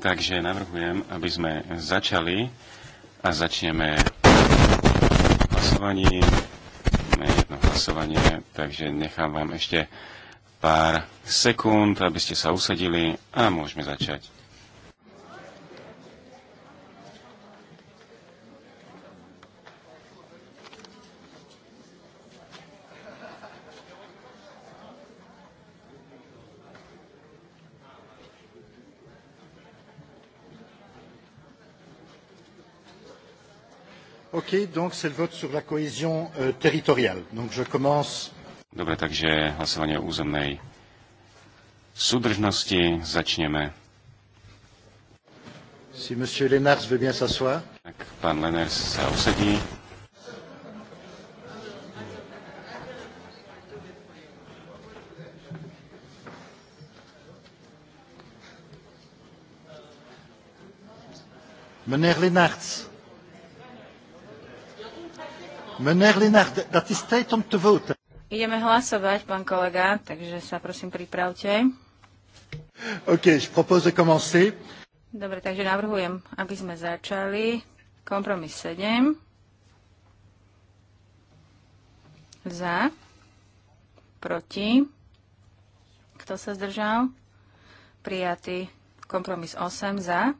Takže navrhujem, aby sme začali a začneme hlasovaním. Máme jedno hlasovanie, takže nechám vám ešte pár sekúnd, aby ste sa usadili a môžeme začať. attaquer, donc c'est le vote sur la cohésion euh, territoriale. Donc je commence. Dobre, takže hlasovanie o územnej súdržnosti začneme. Si monsieur Lenars veut bien s'asseoir. Tak pán Lenars sa usadí. Meneer Lenarts. Ideme hlasovať, pán kolega, takže sa prosím pripravte. OK, je propose de commencer. Dobre, takže navrhujem, aby sme začali. Kompromis 7. Za. Proti. Kto sa zdržal? Prijatý. Kompromis 8. Za.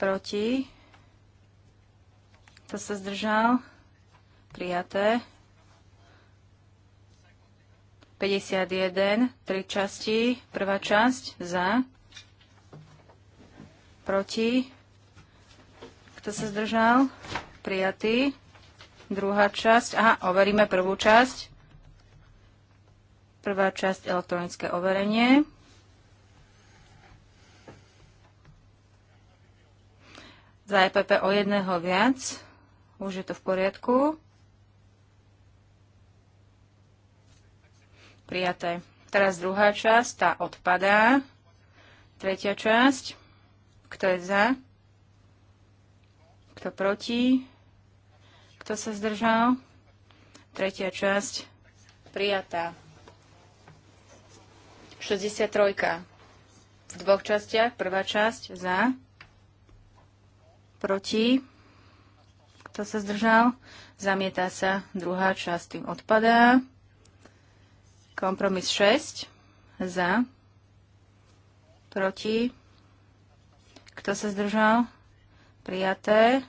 Proti. Kto sa zdržal? Prijaté. 51, tri časti. Prvá časť za, proti. Kto sa zdržal? Prijatý. Druhá časť. Aha, overíme prvú časť. Prvá časť elektronické overenie. Za EPP o jedného viac. Už je to v poriadku. Prijaté. Teraz druhá časť, tá odpadá. Tretia časť. Kto je za? Kto proti? Kto sa zdržal? Tretia časť. Prijatá. 63. V dvoch častiach. Prvá časť za. Proti kto sa zdržal, zamieta sa, druhá časť tým odpadá. Kompromis 6, za, proti, kto sa zdržal, prijaté.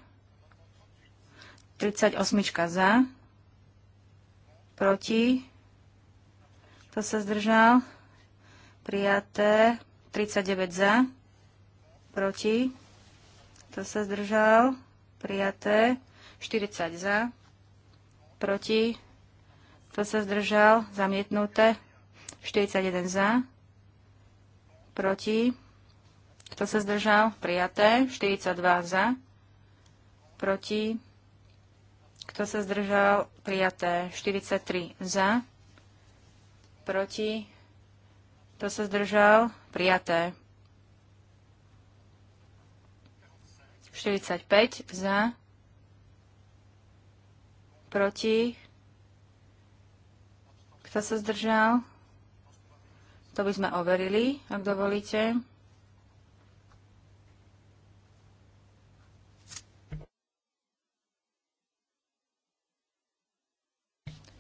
38 za, proti, kto sa zdržal, prijaté. 39 za, proti, kto sa zdržal, prijaté. 40 za, proti, kto sa zdržal, zamietnuté, 41 za, proti, kto sa zdržal, prijaté, 42 za, proti, kto sa zdržal, prijaté, 43 za, proti, kto sa zdržal, prijaté, 45 za, proti, Proti? Kto sa zdržal? To by sme overili, ak dovolíte.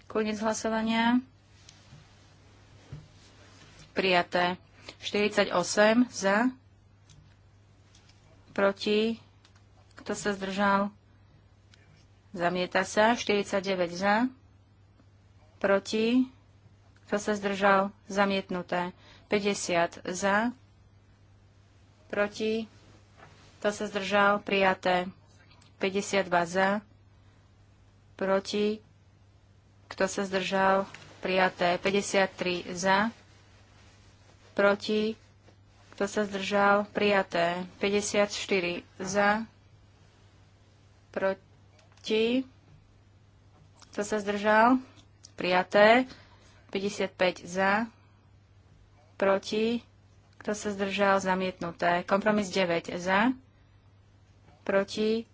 Koniec hlasovania. Prijaté. 48 za. Proti. Kto sa zdržal? Zamieta sa. 49 za. Proti. Kto sa zdržal? Zamietnuté. 50 za. Proti. Kto sa zdržal? Prijaté. 52 za. Proti. Kto sa zdržal? Prijaté. 53 za. Proti. Kto sa zdržal? Prijaté. 54 za. Proti proti, kto sa zdržal, prijaté, 55 za, proti, kto sa zdržal, zamietnuté, kompromis 9 za, proti,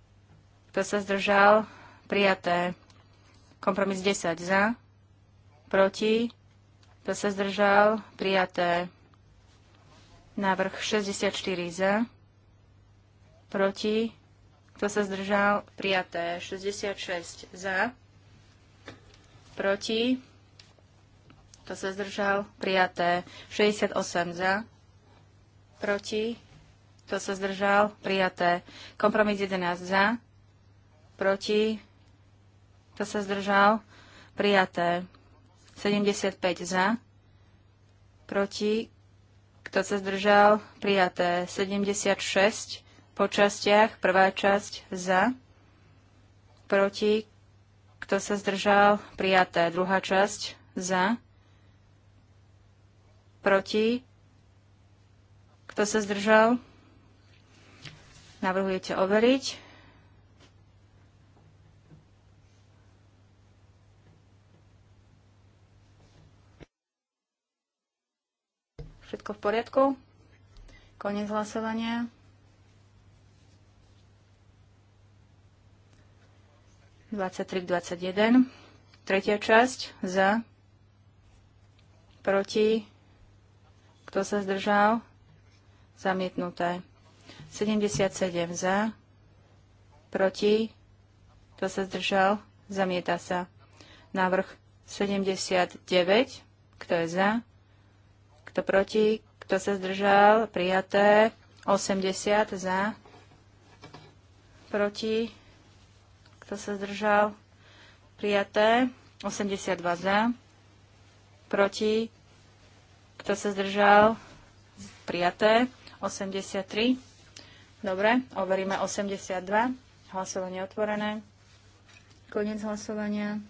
kto sa zdržal, prijaté, kompromis 10 za, proti, kto sa zdržal, prijaté, návrh 64 za, proti, kto sa zdržal? Prijaté. 66 za. Proti. Kto sa zdržal? Prijaté. 68 za. Proti. Kto sa zdržal? Prijaté. Kompromis 11 za. Proti. Kto sa zdržal? Prijaté. 75 za. Proti. Kto sa zdržal? Prijaté. 76 po častiach. Prvá časť za, proti, kto sa zdržal, prijaté. Druhá časť za, proti, kto sa zdržal, navrhujete overiť. Všetko v poriadku? Koniec hlasovania. 23 k 21. Tretia časť za, proti, kto sa zdržal, zamietnuté. 77 za, proti, kto sa zdržal, zamieta sa. Návrh 79, kto je za, kto proti, kto sa zdržal, prijaté. 80 za, proti, kto sa zdržal? Prijaté. 82 za. Proti. Kto sa zdržal? Prijaté. 83. Dobre, overíme 82. Hlasovanie otvorené. Koniec hlasovania.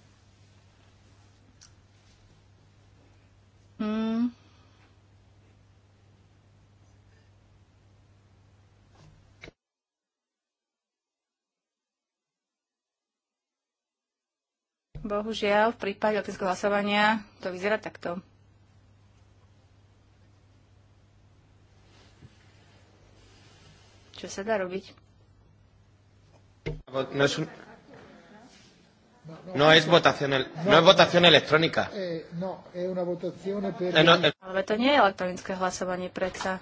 Bohužiaľ, v prípade leteckého hlasovania to vyzerá takto. Čo sa dá robiť? No, no es, votación, el... no es votación electrónica. Eh, no, eh, no, Ale to nie je elektronické hlasovanie predsa.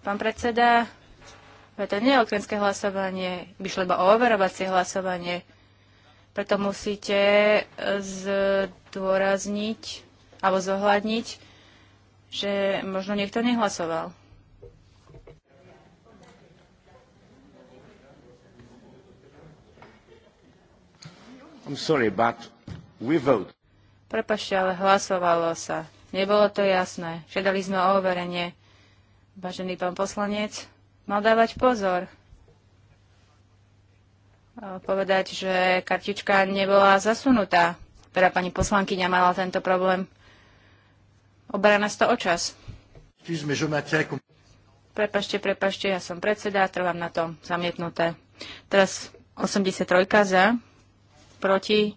Pán predseda, to nie je elektronické hlasovanie, by šlo iba o overovacie hlasovanie. Preto musíte e, zdôrazniť alebo zohľadniť, že možno niekto nehlasoval. I'm sorry, but we vote. Prepašte, ale hlasovalo sa. Nebolo to jasné. Žiadali sme o overenie. Vážený pán poslanec, mal dávať pozor povedať, že kartička nebola zasunutá. Teda pani poslankyňa mala tento problém. Oberá nás to o čas. Prepašte, prepašte, ja som predseda, trvám na to zamietnuté. Teraz 83 za, proti,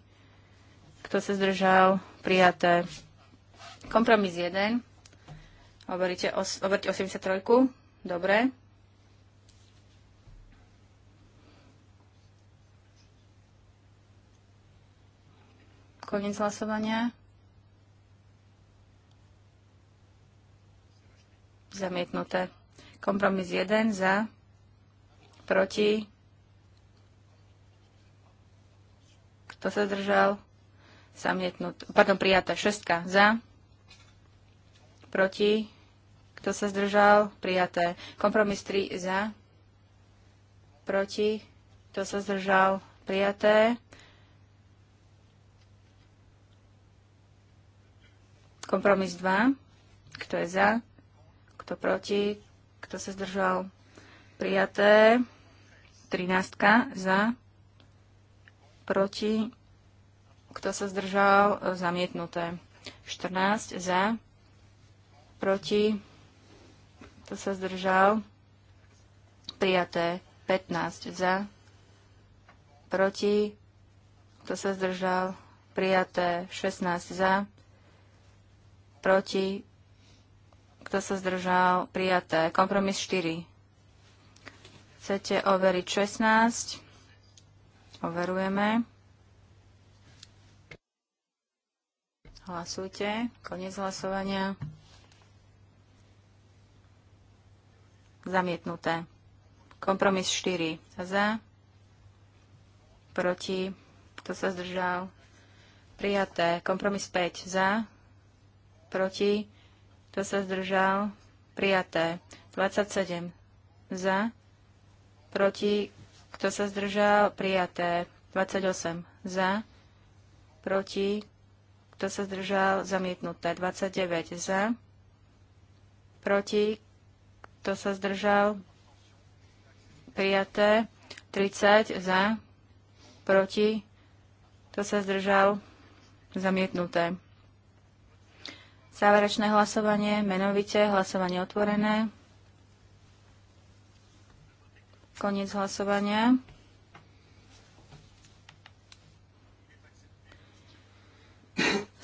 kto sa zdržal, prijaté. Kompromis 1. Overíte, 83. Dobre. Koniec hlasovania. Zamietnuté. Kompromis 1 za, proti. Kto sa zdržal? Zamietnuté. Pardon, prijaté. Šestka za, proti. Kto sa zdržal? Prijaté. Kompromis 3 za, proti. Kto sa zdržal? Prijaté. Kompromis 2. Kto je za? Kto proti? Kto sa zdržal? Prijaté. 13. Za. Proti. Kto sa zdržal? Zamietnuté. 14. Za. Proti. Kto sa zdržal? Prijaté. 15. Za. Proti. Kto sa zdržal? Prijaté. 16. Za proti, kto sa zdržal, prijaté. Kompromis 4. Chcete overiť 16? Overujeme. Hlasujte. koniec hlasovania. Zamietnuté. Kompromis 4. Za. Proti. Kto sa zdržal? Prijaté. Kompromis 5. Za proti, kto sa zdržal, prijaté. 27 za, proti, kto sa zdržal, prijaté. 28 za, proti, kto sa zdržal, zamietnuté. 29 za, proti, kto sa zdržal, prijaté. 30 za, proti, kto sa zdržal, zamietnuté. Záverečné hlasovanie, menovite, hlasovanie otvorené. Koniec hlasovania.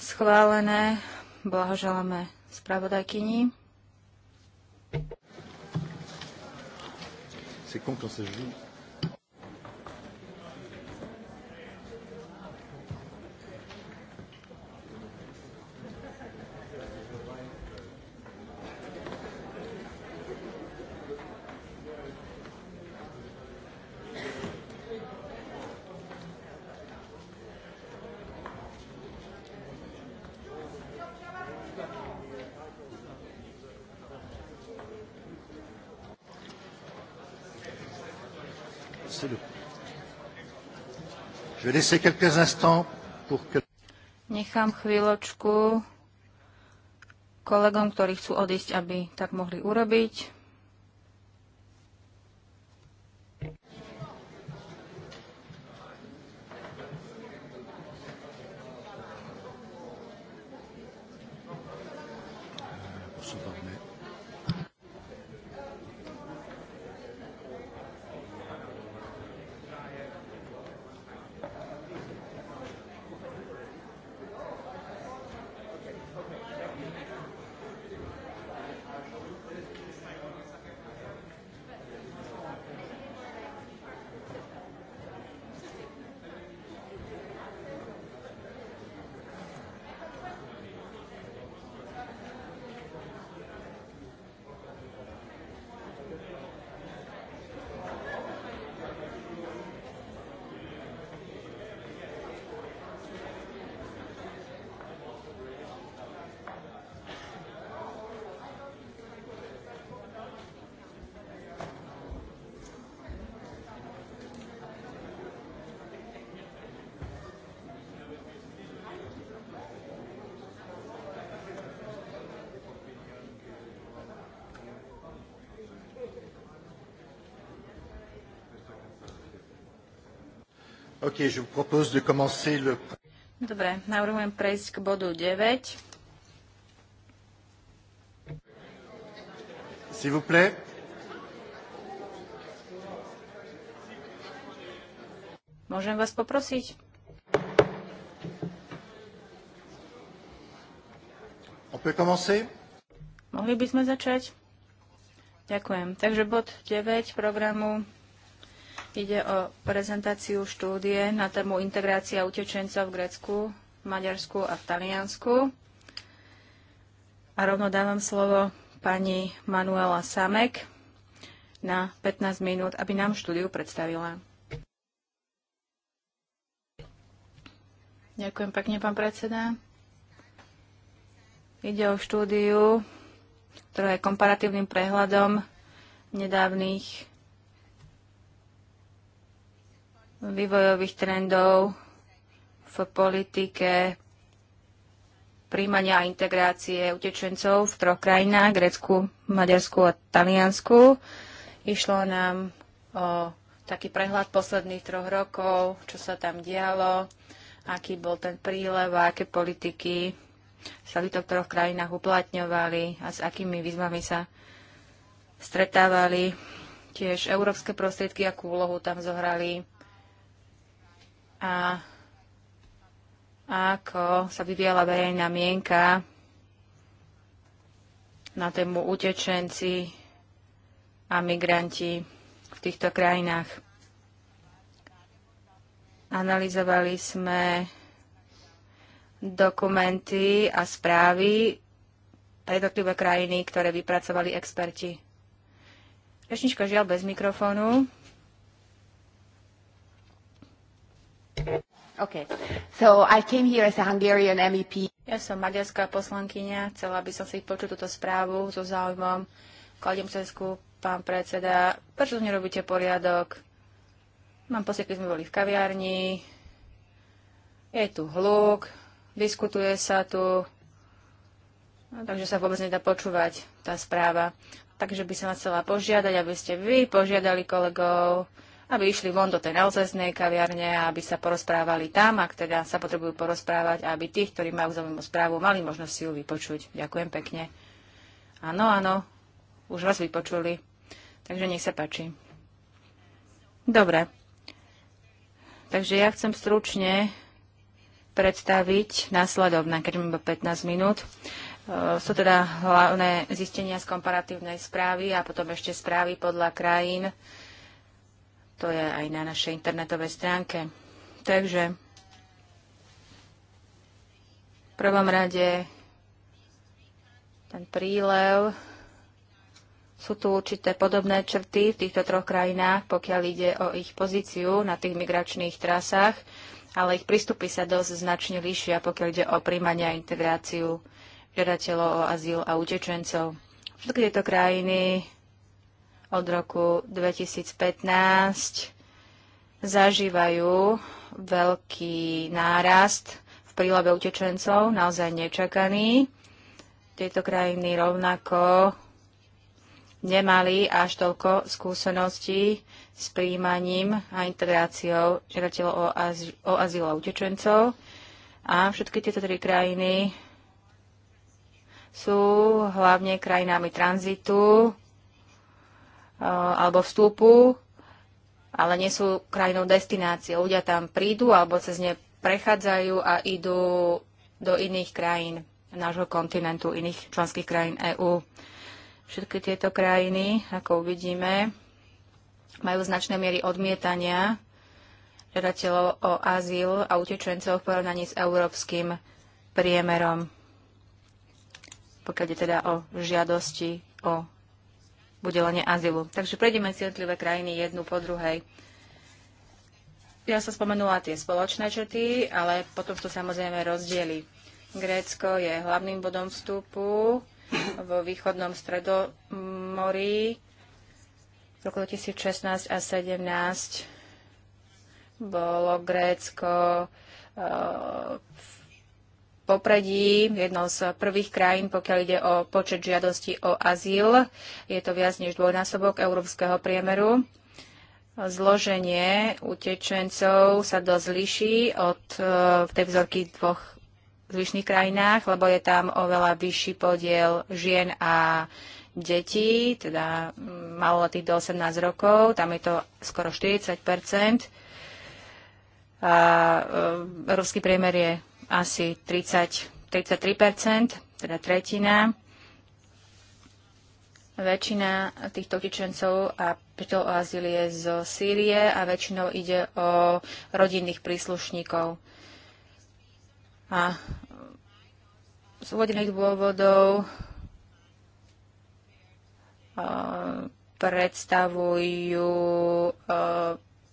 Schválené. Blahoželáme spravodajkyni. C'est con quand ça joue Nechám chvíľočku kolegom, ktorí chcú odísť, aby tak mohli urobiť. Okay, je vous propose de commencer le... Dobre, navrhujem prejsť k bodu 9. S'il vous plaît. Môžem vás poprosiť? On peut commencer? Mohli by sme začať? Ďakujem. Takže bod 9 programu Ide o prezentáciu štúdie na tému integrácia utečencov v Grécku, Maďarsku a v Taliansku. A rovno dávam slovo pani Manuela Samek na 15 minút, aby nám štúdiu predstavila. Ďakujem pekne, pán predseda. Ide o štúdiu, ktorá je komparatívnym prehľadom nedávnych vývojových trendov v politike príjmania a integrácie utečencov v troch krajinách, Grécku, Maďarsku a Taliansku. Išlo nám o taký prehľad posledných troch rokov, čo sa tam dialo, aký bol ten prílev a aké politiky sa v týchto troch krajinách uplatňovali a s akými výzvami sa stretávali. Tiež európske prostriedky, akú úlohu tam zohrali a ako sa vyvíjala verejná mienka na tému utečenci a migranti v týchto krajinách. Analizovali sme dokumenty a správy a jednotlivé krajiny, ktoré vypracovali experti. Rečnička žiaľ bez mikrofónu. Okay. So I came here as a Hungarian MEP. Ja som maďarská poslankyňa, chcela by som si počuť túto správu so záujmom. Kladiem skup, pán predseda, prečo nerobíte poriadok? Mám pocit, keď sme boli v kaviarni, je tu hluk, diskutuje sa tu, no, takže sa vôbec nedá počúvať tá správa. Takže by som vás chcela požiadať, aby ste vy požiadali kolegov, aby išli von do tej naozajstnej kaviarne a aby sa porozprávali tam, ak teda sa potrebujú porozprávať, aby tí, ktorí majú zaujímavú správu, mali možnosť si ju vypočuť. Ďakujem pekne. Áno, áno, už vás vypočuli. Takže nech sa páči. Dobre. Takže ja chcem stručne predstaviť následovné, keď mám 15 minút. E, sú teda hlavné zistenia z komparatívnej správy a potom ešte správy podľa krajín, to je aj na našej internetovej stránke. Takže v prvom rade ten prílev. Sú tu určité podobné črty v týchto troch krajinách, pokiaľ ide o ich pozíciu na tých migračných trasách, ale ich prístupy sa dosť značne líšia, pokiaľ ide o príjmanie a integráciu žiadateľov o azyl a utečencov. Všetky tieto krajiny od roku 2015 zažívajú veľký nárast v prílave utečencov, naozaj nečakaný. Tieto krajiny rovnako nemali až toľko skúseností s príjmaním a integráciou žiadateľov o, az- o azyl a utečencov. A všetky tieto tri krajiny sú hlavne krajinami tranzitu, Eh, alebo vstupu, ale nie sú krajinou destináciou. Ľudia tam prídu alebo cez ne prechádzajú a idú do iných krajín nášho kontinentu, iných členských krajín EÚ. Všetky tieto krajiny, ako uvidíme, majú značné miery odmietania žiadateľov o azyl a utečencov v porovnaní s európskym priemerom, pokiaľ je teda o žiadosti o v udelenie azylu. Takže prejdeme si jednotlivé krajiny jednu po druhej. Ja som spomenula tie spoločné črty, ale potom to samozrejme rozdiely. Grécko je hlavným bodom vstupu vo východnom stredomorí. V roku 2016 a 2017 bolo Grécko v eh, popredí, jednou z prvých krajín, pokiaľ ide o počet žiadostí o azyl. Je to viac než dvojnásobok európskeho priemeru. Zloženie utečencov sa dosť líši od e, v tej vzorky dvoch zvyšných krajinách, lebo je tam oveľa vyšší podiel žien a detí, teda mm, maloletých do 18 rokov, tam je to skoro 40 a e, európsky priemer je asi 30, 33%, teda tretina. Väčšina týchto utečencov a priateľov o azyl je zo Sýrie a väčšinou ide o rodinných príslušníkov. A z úvodných dôvodov predstavujú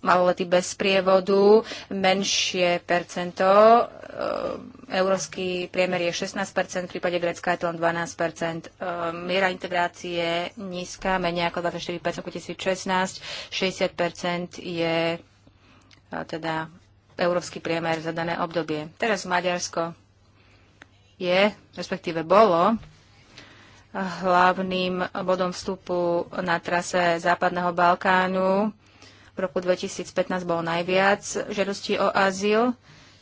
maloletí bez prievodu, menšie percento. Eh, európsky priemer je 16%, v prípade Grécka je to len 12%. Eh, miera integrácie nízka, menej ako 24% 2016, 60% je eh, teda európsky priemer za dané obdobie. Teraz Maďarsko je, respektíve bolo, hlavným bodom vstupu na trase Západného Balkánu v roku 2015 bolo najviac žiadostí o azyl,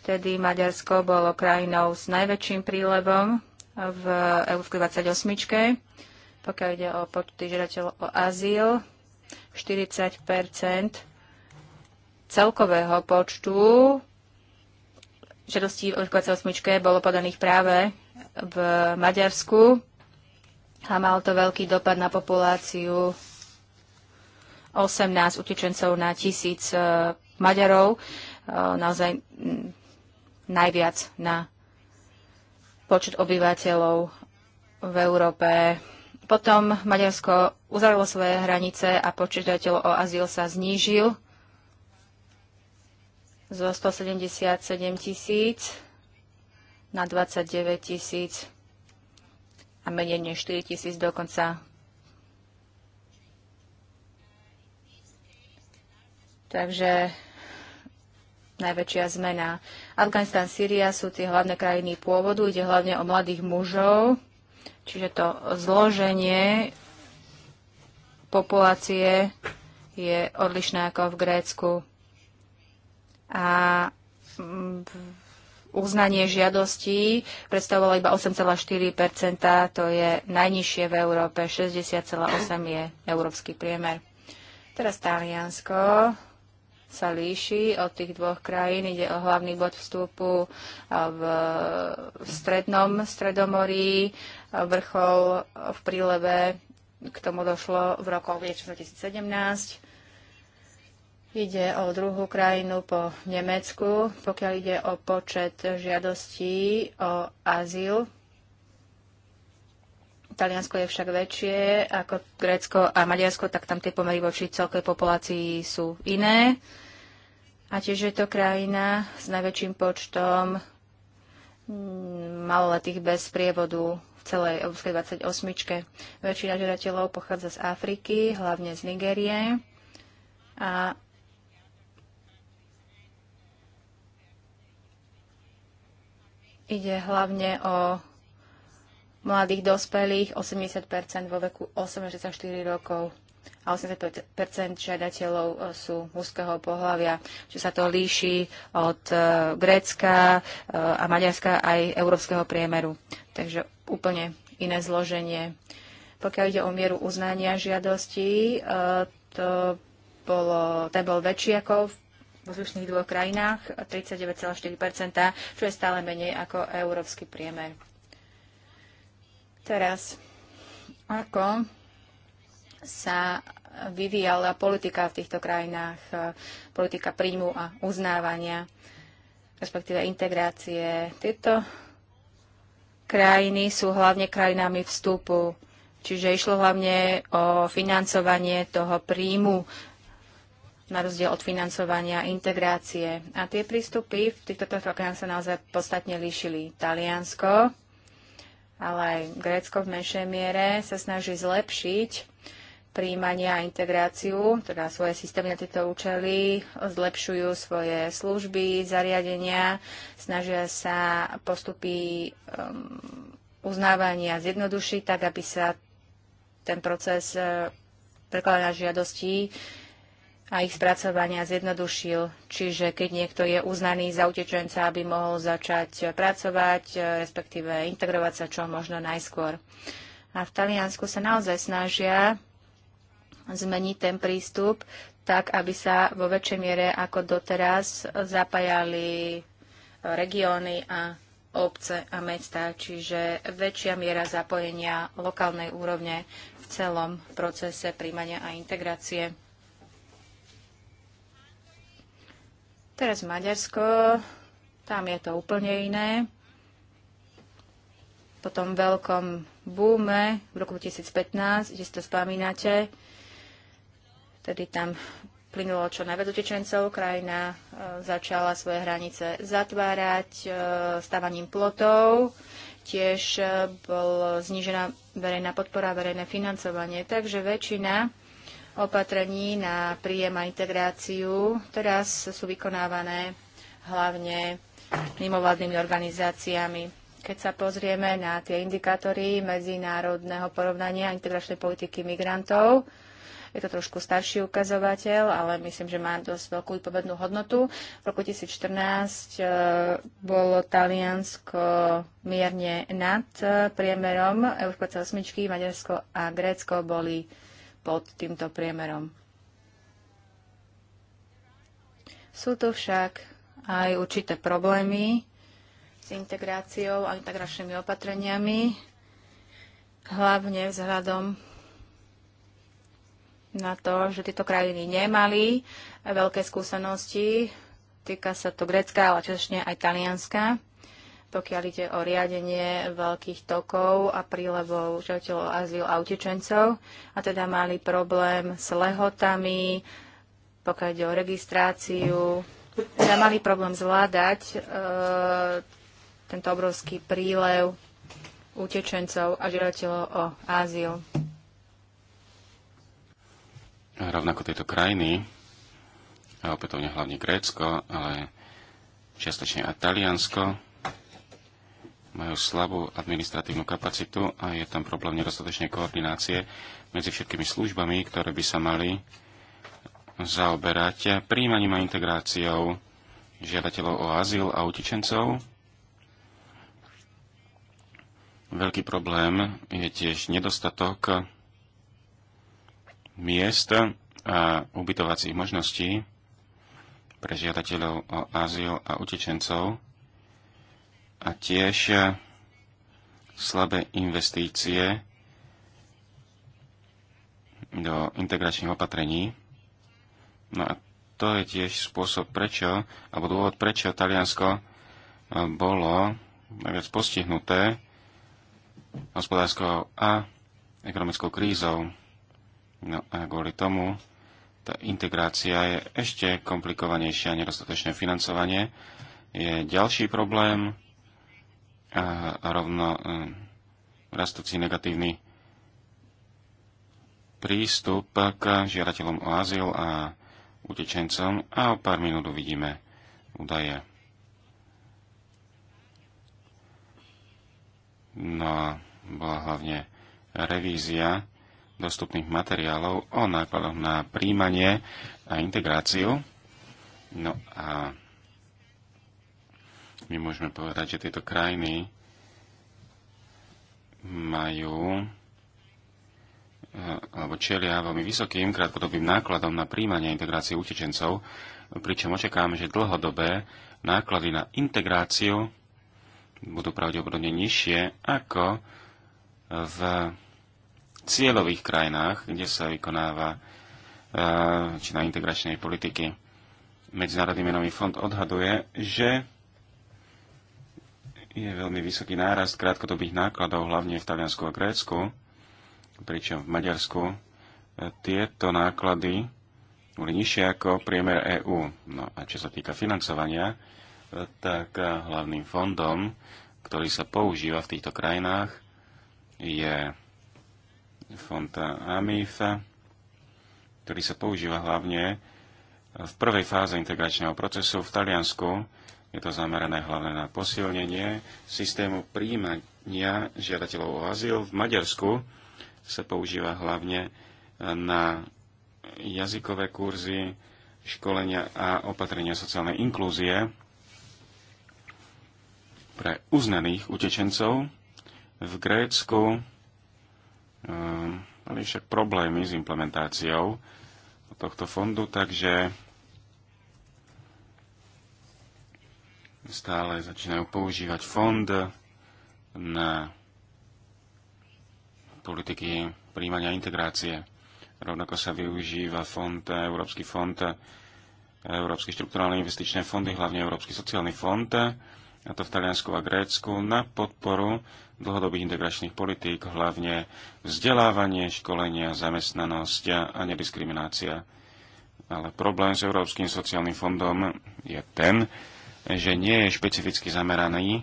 tedy Maďarsko bolo krajinou s najväčším prílevom v Európskej 28. Pokiaľ ide o počty žiadateľov o azyl, 40 celkového počtu žiadostí o 28. bolo podaných práve v Maďarsku a mal to veľký dopad na populáciu 18 utečencov na tisíc e, Maďarov, e, naozaj najviac na počet obyvateľov v Európe. Potom Maďarsko uzavrelo svoje hranice a počet žiadateľov o azyl sa znížil zo 177 tisíc na 29 tisíc a menej než 4 tisíc dokonca. Takže najväčšia zmena. Afganistan, Sýria sú tie hlavné krajiny pôvodu, ide hlavne o mladých mužov, čiže to zloženie populácie je odlišné ako v Grécku. A mm, uznanie žiadostí predstavovalo iba 8,4 to je najnižšie v Európe, 60,8 je európsky priemer. Teraz Taliansko sa líši od tých dvoch krajín. Ide o hlavný bod vstupu v strednom stredomorí, vrchol v príleve. K tomu došlo v roku 2017. Ide o druhú krajinu po Nemecku, pokiaľ ide o počet žiadostí o azyl Taliansko je však väčšie ako Grécko a Maďarsko, tak tam tie pomery voči celkovej populácii sú iné. A tiež je to krajina s najväčším počtom maloletých bez prievodu v celej Európskej 28. Väčšina žiadateľov pochádza z Afriky, hlavne z Nigérie. A ide hlavne o mladých dospelých, 80% vo veku 84 rokov a 80% žiadateľov e, sú mužského pohľavia, čo sa to líši od e, Grécka e, a Maďarska aj európskeho priemeru. Takže úplne iné zloženie. Pokiaľ ide o mieru uznania žiadostí, to, bolo, to bol väčší ako v vo zvyšných dvoch krajinách 39,4%, čo je stále menej ako európsky priemer. Teraz, ako sa vyvíjala politika v týchto krajinách, e, politika príjmu a uznávania, respektíve integrácie. Tieto krajiny sú hlavne krajinami vstupu, čiže išlo hlavne o financovanie toho príjmu na rozdiel od financovania integrácie. A tie prístupy v týchto krajinách sa naozaj podstatne líšili. Taliansko ale aj Grécko v menšej miere sa snaží zlepšiť príjmanie a integráciu, teda svoje systémy na tieto účely, zlepšujú svoje služby, zariadenia, snažia sa postupy um, uznávania zjednodušiť, tak aby sa ten proces uh, prekladania žiadostí a ich spracovania zjednodušil. Čiže keď niekto je uznaný za utečenca, aby mohol začať pracovať, e, respektíve integrovať sa čo možno najskôr. A v Taliansku sa naozaj snažia zmeniť ten prístup tak, aby sa vo väčšej miere ako doteraz zapájali e, regióny a obce a mesta, čiže väčšia miera zapojenia lokálnej úrovne v celom procese príjmania a integrácie. Teraz Maďarsko, tam je to úplne iné. Po tom veľkom búme v roku 2015, kde si to spomínate, tedy tam plynulo čo najviac utečencov, krajina e, začala svoje hranice zatvárať e, stavaním plotov, tiež e, bol znižená verejná podpora, verejné financovanie, takže väčšina opatrení na príjem a integráciu teraz sú vykonávané hlavne mimovládnymi organizáciami. Keď sa pozrieme na tie indikátory medzinárodného porovnania integračnej politiky migrantov, je to trošku starší ukazovateľ, ale myslím, že má dosť veľkú povednú hodnotu. V roku 2014 e, bolo Taliansko mierne nad e, priemerom Európskej 8, Maďarsko a Grécko boli pod týmto priemerom. Sú tu však aj určité problémy s integráciou a integračnými opatreniami, hlavne vzhľadom na to, že tieto krajiny nemali veľké skúsenosti. Týka sa to Grécka, ale čačne aj Talianska pokiaľ ide o riadenie veľkých tokov a prílevov žiateľov azyl a utečencov a teda mali problém s lehotami, pokiaľ ide o registráciu, teda mali problém zvládať e, tento obrovský prílev utečencov a žiadateľov o azyl. A rovnako tieto krajiny, a opätovne hlavne Grécko, ale čiastočne aj Taliansko, majú slabú administratívnu kapacitu a je tam problém nedostatečnej koordinácie medzi všetkými službami, ktoré by sa mali zaoberať príjmaním a integráciou žiadateľov o azyl a utečencov. Veľký problém je tiež nedostatok miest a ubytovacích možností pre žiadateľov o azyl a utečencov a tiež e, slabé investície do integračných opatrení. No a to je tiež spôsob, prečo, alebo dôvod, prečo Taliansko e, bolo najviac postihnuté hospodárskou a ekonomickou krízou. No a kvôli tomu tá integrácia je ešte komplikovanejšia, nedostatočné financovanie je ďalší problém a rovno eh, rastúci negatívny prístup k žiadateľom o azyl a utečencom a o pár minút uvidíme údaje. No, a bola hlavne revízia dostupných materiálov o nákladoch na príjmanie a integráciu. No a my môžeme povedať, že tieto krajiny majú e, alebo čelia veľmi vysokým krátkodobým nákladom na príjmanie integrácie utečencov, pričom očakávame, že dlhodobé náklady na integráciu budú pravdepodobne nižšie ako v cieľových krajinách, kde sa vykonáva e, či na integračnej politiky. Medzinárodný menový fond odhaduje, že je veľmi vysoký nárast krátkodobých nákladov, hlavne v Taliansku a Grécku, pričom v Maďarsku e, tieto náklady boli nižšie ako priemer EÚ. No a čo sa týka financovania, e, tak e, hlavným fondom, ktorý sa používa v týchto krajinách, je fond AMIF, ktorý sa používa hlavne v prvej fáze integračného procesu v Taliansku je to zamerané hlavne na posilnenie systému príjmania žiadateľov o azyl. V Maďarsku sa používa hlavne e, na jazykové kurzy, školenia a opatrenia sociálnej inklúzie pre uznaných utečencov. V Grécku e, mali však problémy s implementáciou tohto fondu, takže stále začínajú používať fond na politiky príjmania integrácie. Rovnako sa využíva fond, Európsky fond, Európsky štrukturálne investičné fondy, hlavne Európsky sociálny fond, a to v Taliansku a Grécku, na podporu dlhodobých integračných politík, hlavne vzdelávanie, školenia, zamestnanosť a nediskriminácia. Ale problém s Európskym sociálnym fondom je ten, že nie je špecificky zameraný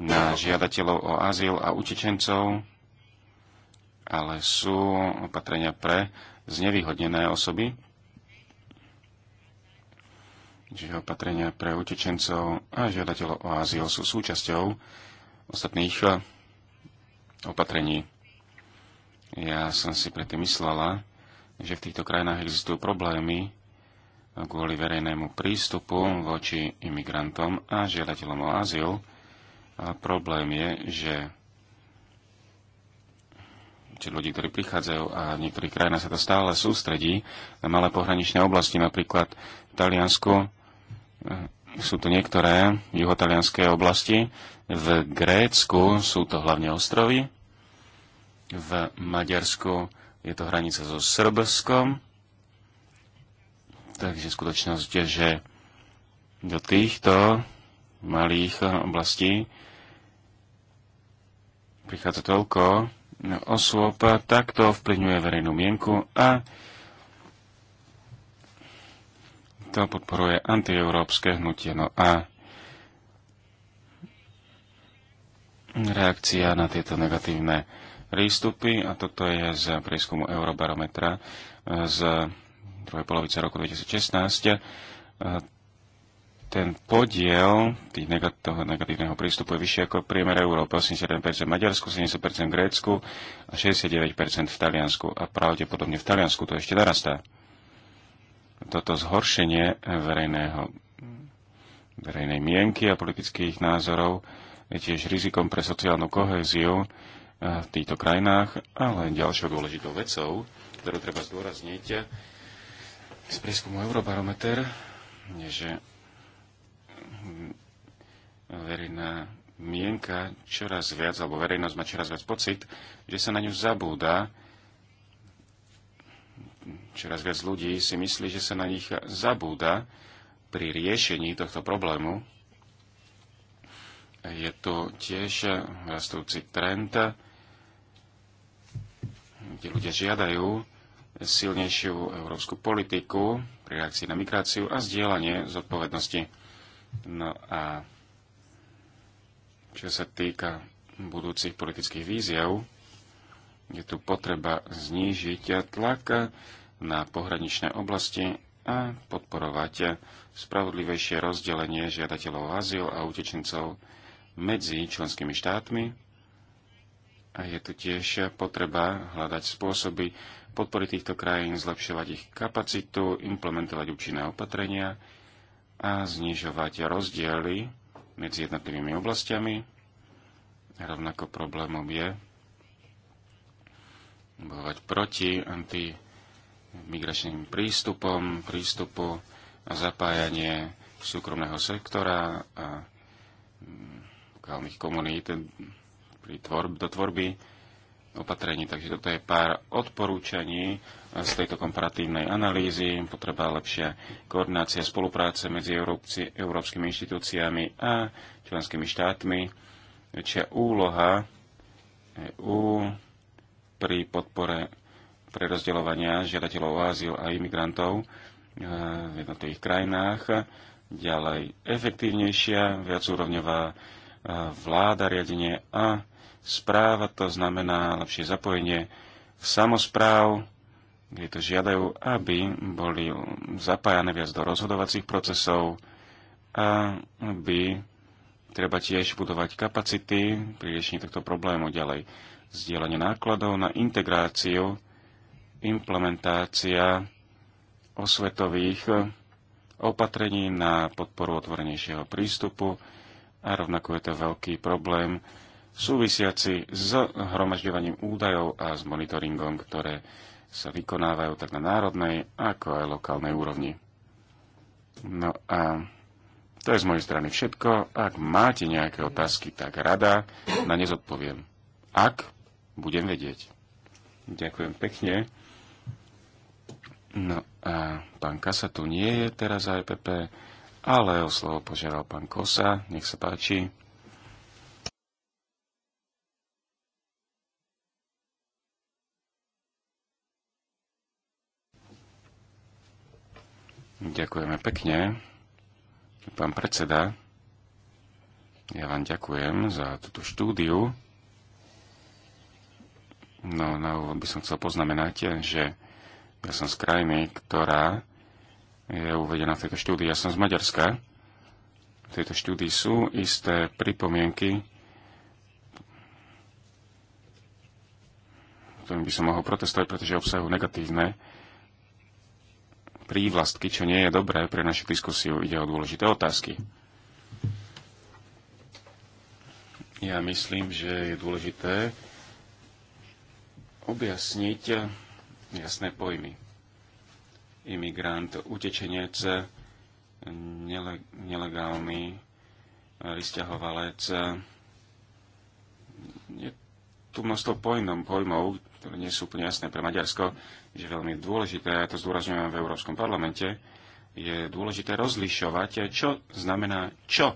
na žiadateľov o azyl a utečencov, ale sú opatrenia pre znevýhodnené osoby, čiže opatrenia pre utečencov a žiadateľov o azyl sú súčasťou ostatných eh, opatrení. Ja som si predtým myslela, že v týchto krajinách existujú problémy kvôli verejnému prístupu voči imigrantom a žiadateľom o azyl. A problém je, že či ľudí, ktorí prichádzajú a v niektorých krajinách sa to stále sústredí na malé pohraničné oblasti, napríklad v Taliansku sú to niektoré juhotalianské oblasti, v Grécku sú to hlavne ostrovy, v Maďarsku je to hranica so Srbskom, Takže skutočnosť, že do týchto malých oblastí prichádza toľko osôb, tak to vplyvňuje verejnú mienku a to podporuje antieurópske hnutie. No a reakcia na tieto negatívne prístupy, a toto je z prieskumu Eurobarometra z druhej polovice roku 2016, e, ten podiel tých negat- toho negatívneho prístupu je vyšší ako priemer Európy. 81% v Maďarsku, 70% v Grécku a 69% v Taliansku. A pravdepodobne v Taliansku to ešte narastá. Toto zhoršenie verejného, verejnej mienky a politických názorov je tiež rizikom pre sociálnu kohéziu e, v týchto krajinách, ale ďalšou dôležitou vecou, ktorú treba zdôrazniť, z prieskumu Eurobarometer je, že hm, verejná mienka čoraz viac, alebo verejnosť má čoraz viac pocit, že sa na ňu zabúda. Čoraz viac ľudí si myslí, že sa na nich zabúda pri riešení tohto problému. Je to tiež rastúci trend, kde ľudia žiadajú silnejšiu európsku politiku pri reakcii na migráciu a zdieľanie zodpovednosti. No a čo sa týka budúcich politických víziev, je tu potreba znížiť tlak na pohraničné oblasti a podporovať spravodlivejšie rozdelenie žiadateľov azyl a utečencov medzi členskými štátmi a je tu tiež potreba hľadať spôsoby podpory týchto krajín, zlepšovať ich kapacitu, implementovať účinné opatrenia a znižovať rozdiely medzi jednotlivými oblastiami. Rovnako problémom je bojovať proti antimigračným prístupom, prístupu a zapájanie súkromného sektora a mm, lokálnych komunít pri tvorb, do tvorby opatrení. Takže toto je pár odporúčaní z tejto komparatívnej analýzy. Potreba lepšia koordinácia spolupráce medzi Európci, európskymi inštitúciami a členskými štátmi. Väčšia úloha EÚ pri podpore prerozdeľovania žiadateľov o azyl a imigrantov e, v jednotlivých krajinách. Ďalej efektívnejšia, viacúrovňová e, vláda, riadenie a správa, to znamená lepšie zapojenie samozpráv, kde to žiadajú, aby boli zapájane viac do rozhodovacích procesov a aby treba tiež budovať kapacity pri riešení tohto problému ďalej. Zdieľanie nákladov na integráciu, implementácia osvetových opatrení na podporu otvorenejšieho prístupu a rovnako je to veľký problém súvisiaci s hromažďovaním údajov a s monitoringom, ktoré sa vykonávajú tak na národnej, ako aj lokálnej úrovni. No a to je z mojej strany všetko. Ak máte nejaké otázky, tak rada na ne zodpoviem. Ak budem vedieť. Ďakujem pekne. No a pán Kasa tu nie je teraz za EPP, ale o slovo požiadal pán Kosa. Nech sa páči. Ďakujeme pekne. Pán predseda, ja vám ďakujem za túto štúdiu. No, na no, by som chcel poznamenať, že ja som z krajiny, ktorá je uvedená v tejto štúdii. Ja som z Maďarska. V tejto štúdii sú isté pripomienky, to by som mohol protestovať, pretože obsahujú negatívne prívlastky, čo nie je dobré pre našu diskusiu. Ide o dôležité otázky. Ja myslím, že je dôležité objasniť jasné pojmy. Imigrant, utečenec, nele, nelegálny vysťahovalec. Je tu množstvo pojmov, pojmov, ktoré nie sú úplne jasné pre Maďarsko že veľmi dôležité, a ja to zdôrazňujem v Európskom parlamente, je dôležité rozlišovať, čo znamená čo.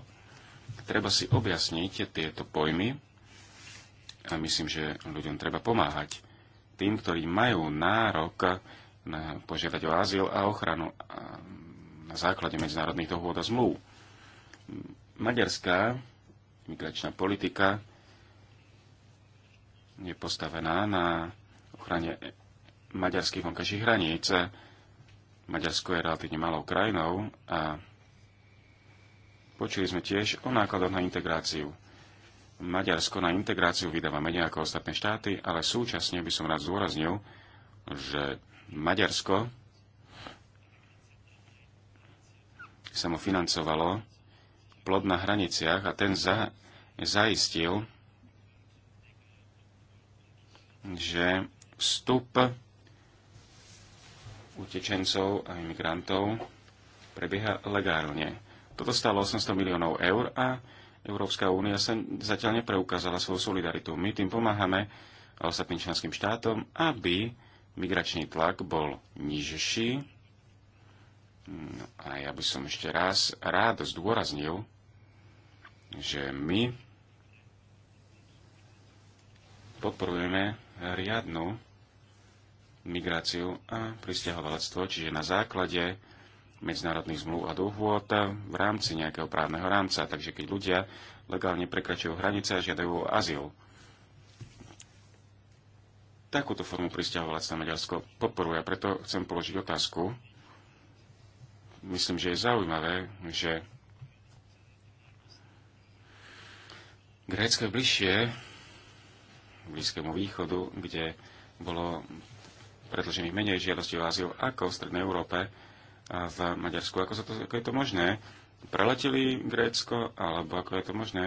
Treba si objasniť tieto pojmy a myslím, že ľuďom treba pomáhať. Tým, ktorí majú nárok na požiadať o azyl a ochranu na základe medzinárodných dohôd a zmluv. Maďarská migračná politika je postavená na ochrane maďarských vonkajších hraníc. Maďarsko je relatívne malou krajinou a počuli sme tiež o nákladoch na integráciu. Maďarsko na integráciu vydáva menej ako ostatné štáty, ale súčasne by som rád zdôraznil, že Maďarsko samofinancovalo plod na hraniciach a ten za, zaistil, že vstup utečencov a imigrantov prebieha legálne. Toto stalo 800 miliónov eur a Európska únia sa zatiaľ nepreukázala svoju solidaritu. My tým pomáhame ostatným členským štátom, aby migračný tlak bol nižší. No a ja by som ešte raz rád zdôraznil, že my podporujeme riadnu migráciu a pristahovalectvo, čiže na základe medzinárodných zmluv a dohôd v rámci nejakého právneho rámca. Takže keď ľudia legálne prekračujú hranice a žiadajú o azyl. Takúto formu pristahovalectva Maďarsko podporuje a preto chcem položiť otázku. Myslím, že je zaujímavé, že Grécko je bližšie Blízkému východu, kde bolo predložených menej žiadosti o azyl ako v Strednej Európe a v Maďarsku. Ako, sa to, ako je to možné? Preleteli Grécko, alebo ako je to možné,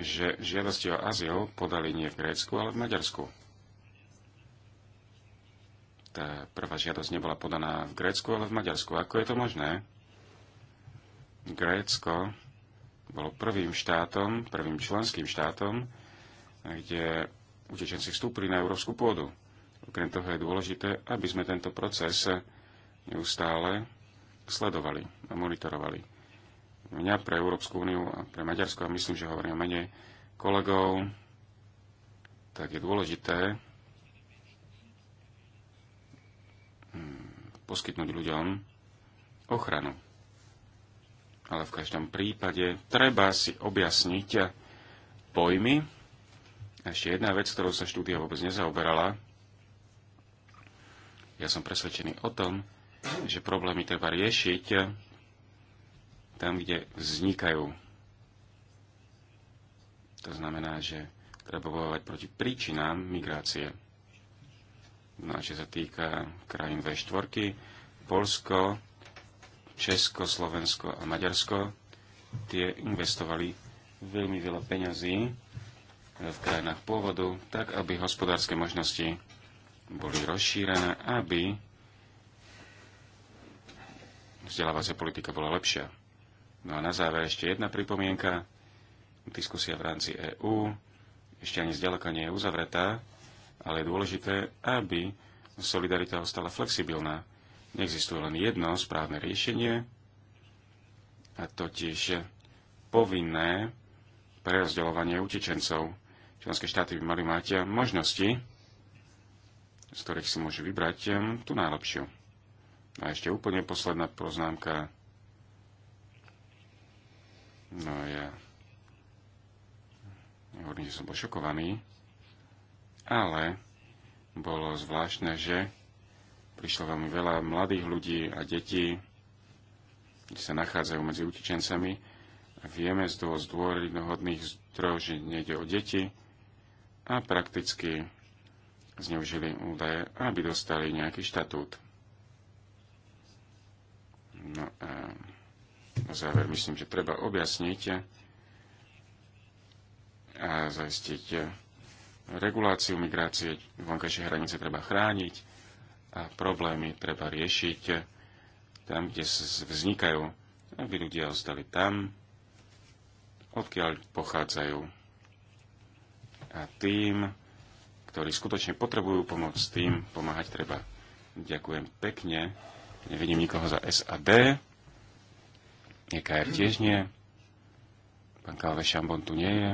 že žiadosti o azyl podali nie v Grécku, ale v Maďarsku? Tá prvá žiadosť nebola podaná v Grécku, ale v Maďarsku. Ako je to možné? Grécko bolo prvým štátom, prvým členským štátom, kde utečenci vstúpili na európsku pôdu. Okrem toho je dôležité, aby sme tento proces neustále sledovali a monitorovali. Mňa pre Európsku úniu a pre Maďarsko, a myslím, že hovorím menej kolegov, tak je dôležité hm, poskytnúť ľuďom ochranu. Ale v každom prípade treba si objasniť pojmy. Ešte jedna vec, ktorou sa štúdia vôbec nezaoberala, ja som presvedčený o tom, že problémy treba riešiť tam, kde vznikajú. To znamená, že treba bojovať proti príčinám migrácie. No a čo sa týka krajín V4, Polsko, Česko, Slovensko a Maďarsko, tie investovali veľmi veľa peňazí v krajinách pôvodu, tak aby hospodárske možnosti boli rozšírené, aby vzdelávacia politika bola lepšia. No a na záver ešte jedna pripomienka. Diskusia v rámci EÚ ešte ani zďaleka nie je uzavretá, ale je dôležité, aby solidarita ostala flexibilná. Neexistuje len jedno správne riešenie, a totiž povinné prerozdeľovanie utečencov. Členské štáty by mali mať možnosti z ktorých si môže vybrať tú najlepšiu. A ešte úplne posledná poznámka. No ja nehovorím, že som bol šokovaný, ale bolo zvláštne, že prišlo veľmi veľa mladých ľudí a detí, ktorí sa nachádzajú medzi utečencami. A vieme z dôvodných zdrojov, že nejde o deti a prakticky zneužili údaje, aby dostali nejaký štatút. No a na záver myslím, že treba objasniť a zaistiť reguláciu migrácie, vonkajšie hranice treba chrániť a problémy treba riešiť tam, kde vznikajú, aby ľudia ostali tam, odkiaľ pochádzajú. A tým ktorí skutočne potrebujú pomoc, tým pomáhať treba. Ďakujem pekne. Nevidím nikoho za SAD. EKR tiež nie. Pán Kalve Šambon tu nie je.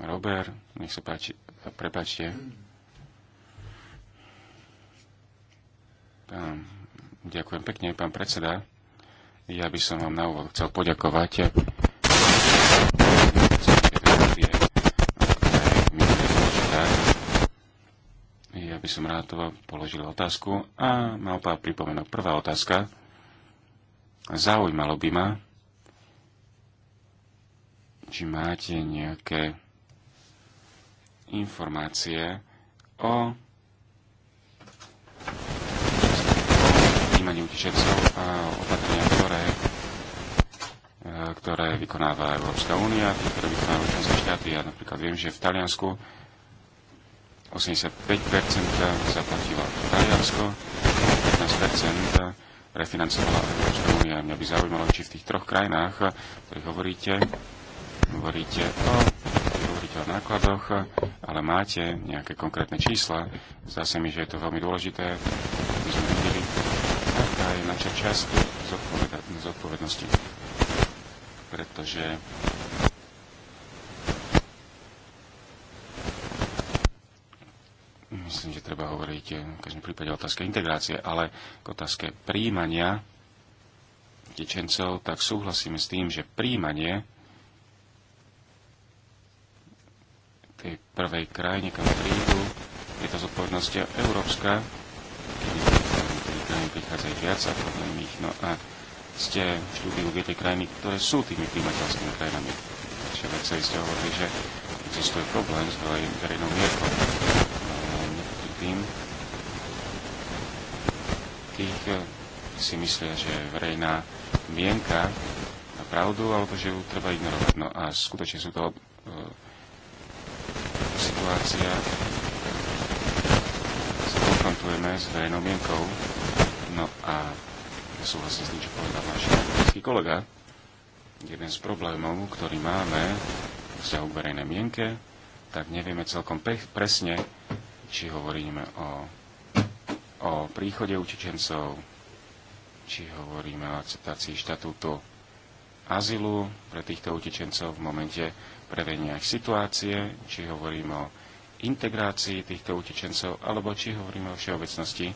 Robert, nech sa páči, prepáčte. Pán, ďakujem pekne, pán predseda. Ja by som vám na úvod chcel poďakovať by som rád položil otázku a naopak pripomenok. Prvá otázka. Zaujímalo by ma, či máte nejaké informácie o vnímaní utečencov a opatrenia, ktoré, ktoré vykonáva Európska únia, ktoré vykonávajú členské štáty. Ja napríklad viem, že v Taliansku 85% zaplatilo Taliansko a 15% refinancovala Európska únia. Mňa by zaujímalo, či v tých troch krajinách, o ktorých hovoríte, hovoríte o, hovoríte o nákladoch, ale máte nejaké konkrétne čísla. Zdá sa mi, že je to veľmi dôležité, aby sme videli, aká je naša časť zodpovednosti. Pretože myslím, že treba hovoriť eh, v každom prípade o otázke integrácie, ale k otázke príjmania tečencov, tak súhlasíme s tým, že príjmanie tej prvej krajine, kam prídu, je to zodpovednosť európska, kedy tej krajiny prichádzajú viac a problém ich. No a ste v štúdiu tej krajiny, ktoré sú tými príjmateľskými krajinami. Ďalšia vec, ste hovorili, že existuje problém s verejnou mierkou tým, tých eh, si myslia, že je verejná mienka na pravdu, alebo že ju treba ignorovať. No a skutočne sú to e, situácia, sa konfrontujeme s verejnou mienkou. No a ja súhlasím s tým, čo povedal náš americký kolega. Jeden z problémov, ktorý máme v vzťahu k verejnej mienke, tak nevieme celkom presne, či hovoríme o, o príchode utečencov, či hovoríme o akceptácii štatútu azylu pre týchto utečencov v momente prevenia ich situácie, či hovoríme o integrácii týchto utečencov, alebo či hovoríme o všeobecnosti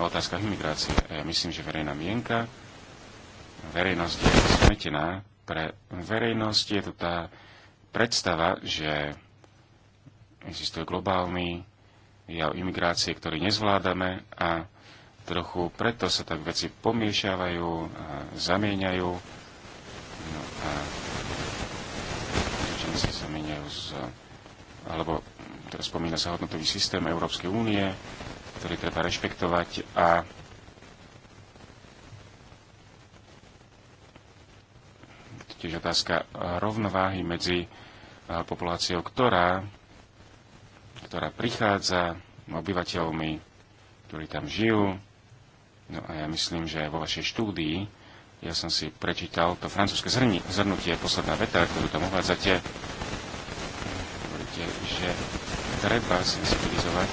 o otázkach imigrácie. Ja myslím, že verejná mienka, verejnosť je smetená. Pre verejnosť je tu tá predstava, že existuje globálny je o imigrácie, ktorý nezvládame a trochu preto sa tak veci pomiešavajú, a zamieňajú. No a sa zamieňajú z, alebo teraz spomína sa hodnotový systém Európskej únie, ktorý treba rešpektovať a tiež otázka rovnováhy medzi eh, populáciou, ktorá ktorá prichádza obyvateľmi, ktorí tam žijú. No a ja myslím, že vo vašej štúdii, ja som si prečítal to francúzske zhrnutie, posledná veta, ktorú tam uvádzate, hovoríte, že treba sensibilizovať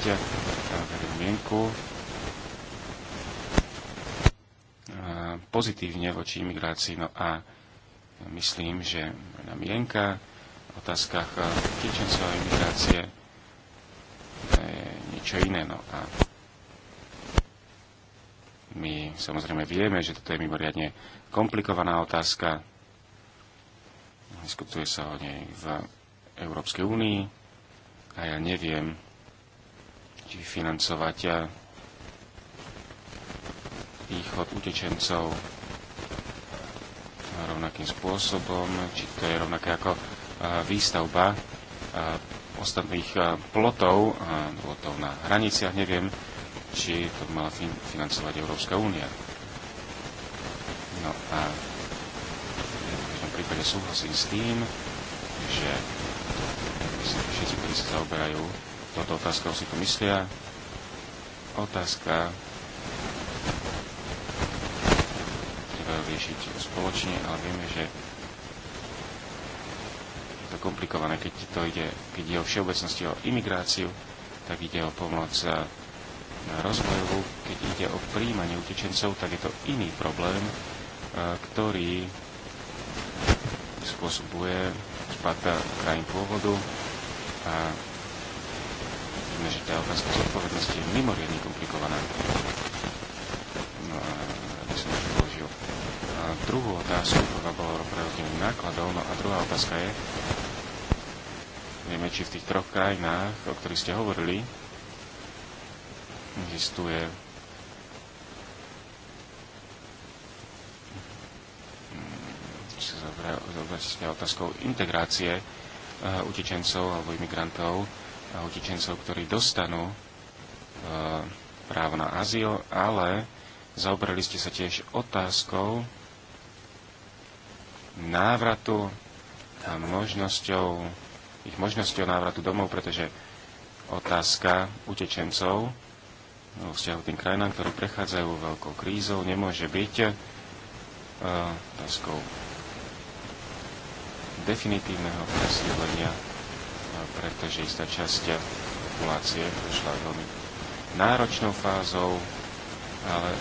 verejnú mienku pozitívne voči imigrácii. No a myslím, že na mienka v otázkach utečencov eh, a imigrácie to je niečo iné. No a my samozrejme vieme, že toto je mimoriadne komplikovaná otázka. Diskutuje sa o nej v Európskej únii a ja neviem, či financovať eh, východ utečencov rovnakým spôsobom, či to je rovnaké ako eh, výstavba eh, ostatných e, plotov, e, plotov na hraniciach, neviem, či to mala financovať Európska únia. No a v každom prípade súhlasím s tým, že všetci, ktorí sa zaoberajú toto otázkou, si to myslia. Otázka treba riešiť spoločne, ale vieme, že komplikované. Keď, to ide, keď ide o všeobecnosti o imigráciu, tak ide o pomoc e, rozvojovú. Keď ide o príjmanie utečencov, tak je to iný problém, e, ktorý spôsobuje spadka e, krajín pôvodu a vidíme, že tá otázka zodpovednosti je mimoriadne komplikovaná. No a som položil druhú otázku, ktorá bola prerozdením nákladov, no a druhá otázka je, Neviem, či v tých troch krajinách, o ktorých ste hovorili, existuje mm, sa otázkou integrácie uh, utečencov alebo imigrantov a utečencov, ktorí dostanú uh, právo na azyl, ale zaoberali ste sa tiež otázkou návratu a možnosťou ich možnosťou návratu domov, pretože otázka utečencov vo vzťahu tým krajinám, ktorí prechádzajú veľkou krízou, nemôže byť uh, otázkou definitívneho presídlenia, eh, pretože istá časť populácie prešla veľmi náročnou fázou, ale